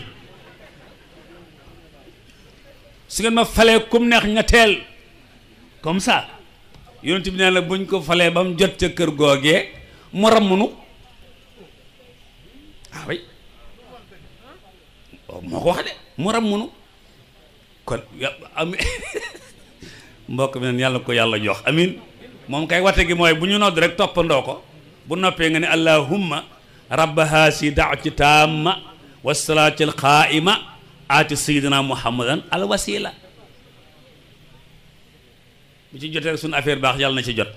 su ngeen ma falee kum neex comme sa yoona bi nee na buñ ko falee ba mu jot ca kër googee mu rammunu ah waaw way moo ko wax de mu rammunu kon am mbokk mi neen yàlla ko yàlla jox amin moom kay wate gi mooy bu ñu nodd rek toppandoo ko bu noppee nga ne allahumma rabba haasi daati taamma wasalaati alqaa'ima aati sayidina muhammadan al wasila bu ci jotee rek suñu affaire baax yàlla na ci jot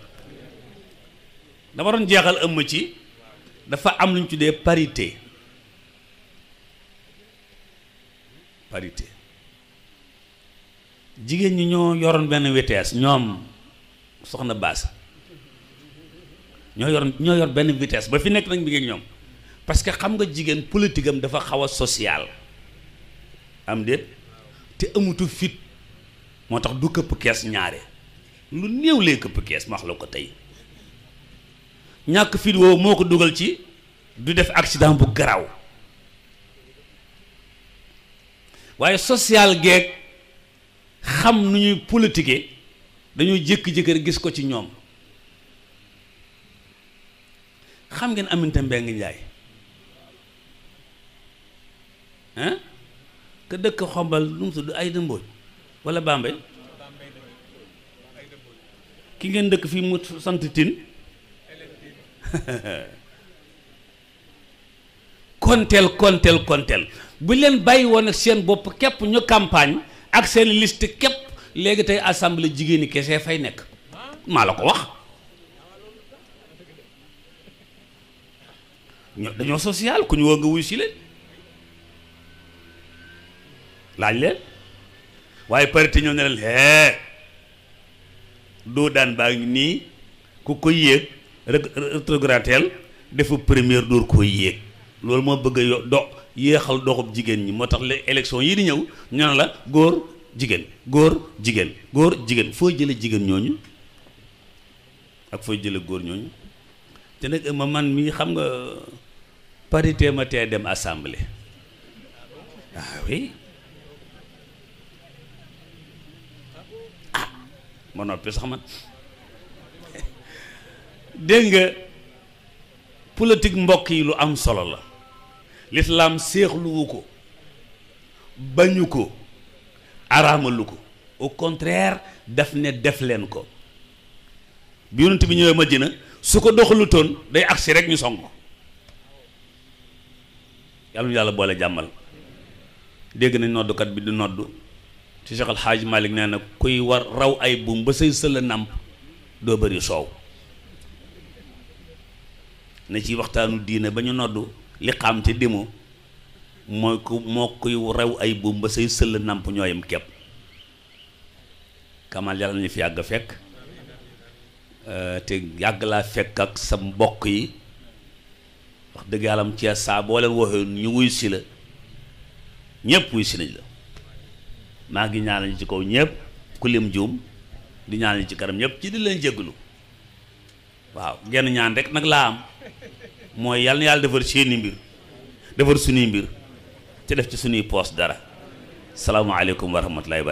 dama doon jeexal ëmm ci dafa am lu ñu dee parité parité jigéen ñi ñoo yoroon benn vitesse ñoom soxna baas ñoo yor ñoo yor benn vitesse ba fi nekk nag mi ngi ñoom parce que xam nga jigéen politique am dafa xaw a social am déet te amutu fit moo tax du këpp kees ñaare lu néew lay këpp kees ma wax la ko tey ñàkk fit woowu moo ko dugal ci du def accident bu garaaw waaye social geeg xam nu ñuy politiquer dañoo jëkk jékki gis ko ci ñoom xam ngeen Aminata Mbengue Ndiaye ah ka dëkk xombal lu mu tudd Aïda Mbodj wala Bambey ki ngeen dëkk fii mu sant Tine konteel konteel konteel bu leen bàyyi woon ak seen bopp képp ñu campagne ak seen list képp léegi tey assemblée jigéen ñi kese fay nekk maa la ko wax ñoo dañoo social ku ñu woo nga wuyu si leen laaj leen waaye parité ñoo ne hee doo daan baa ngi nii ku ko yéeg rek rétrograteel première dóor ko yéeg loolu moo bëgg a yo do yéexal doxub jigéen ñi moo tax les élections yii di ñëw ñu ne la góor jigéen góor jigéen góor jigéen foo jële jigéen ñooñu ak foo jële góor ñooñu te nag ma man mii xam nga parité ma tee dem assemblée ah oui ah ma noppi sax man dégg nga politique mbokk yi lu am solo la lislaam séexluwu ko bañu ko araamalu ko au contraire daf ne def leen ko bi yonent bi ñëwee Madina su ko doxalutoon day agsi rek ñu song ko yàlla boole jàmmal dégg nañ noddukat bi du noddu ci Cheikh Al Hadj nee na kuy war raw ay buum ba say sëla nàmp doo bëri soow na ci waxtaanu diina ba ñu noddu li xam te dimu mooy ku moo kuy rew ay buum ba say sëll namp ñooyam képp kamal yàlla nañu fi yàgg fekk euh, te yàgg laa fekk ak sa mbokk yi wax dëgg yàlla mu ci saa boo leen waxee ñu wuy si la ñëpp wuy si nañ la maa ngi ñaanal ci kaw ñëpp ku lim juum di ñaanal ci karam ñëpp ci di leen jégalu waaw genn ñaan rek nag laa am mooy yàlla na yàlla defar seeni mbir defar suñuy mbir te def ci suñuy poos dara salaamaaleykum wa rahmatullahi wa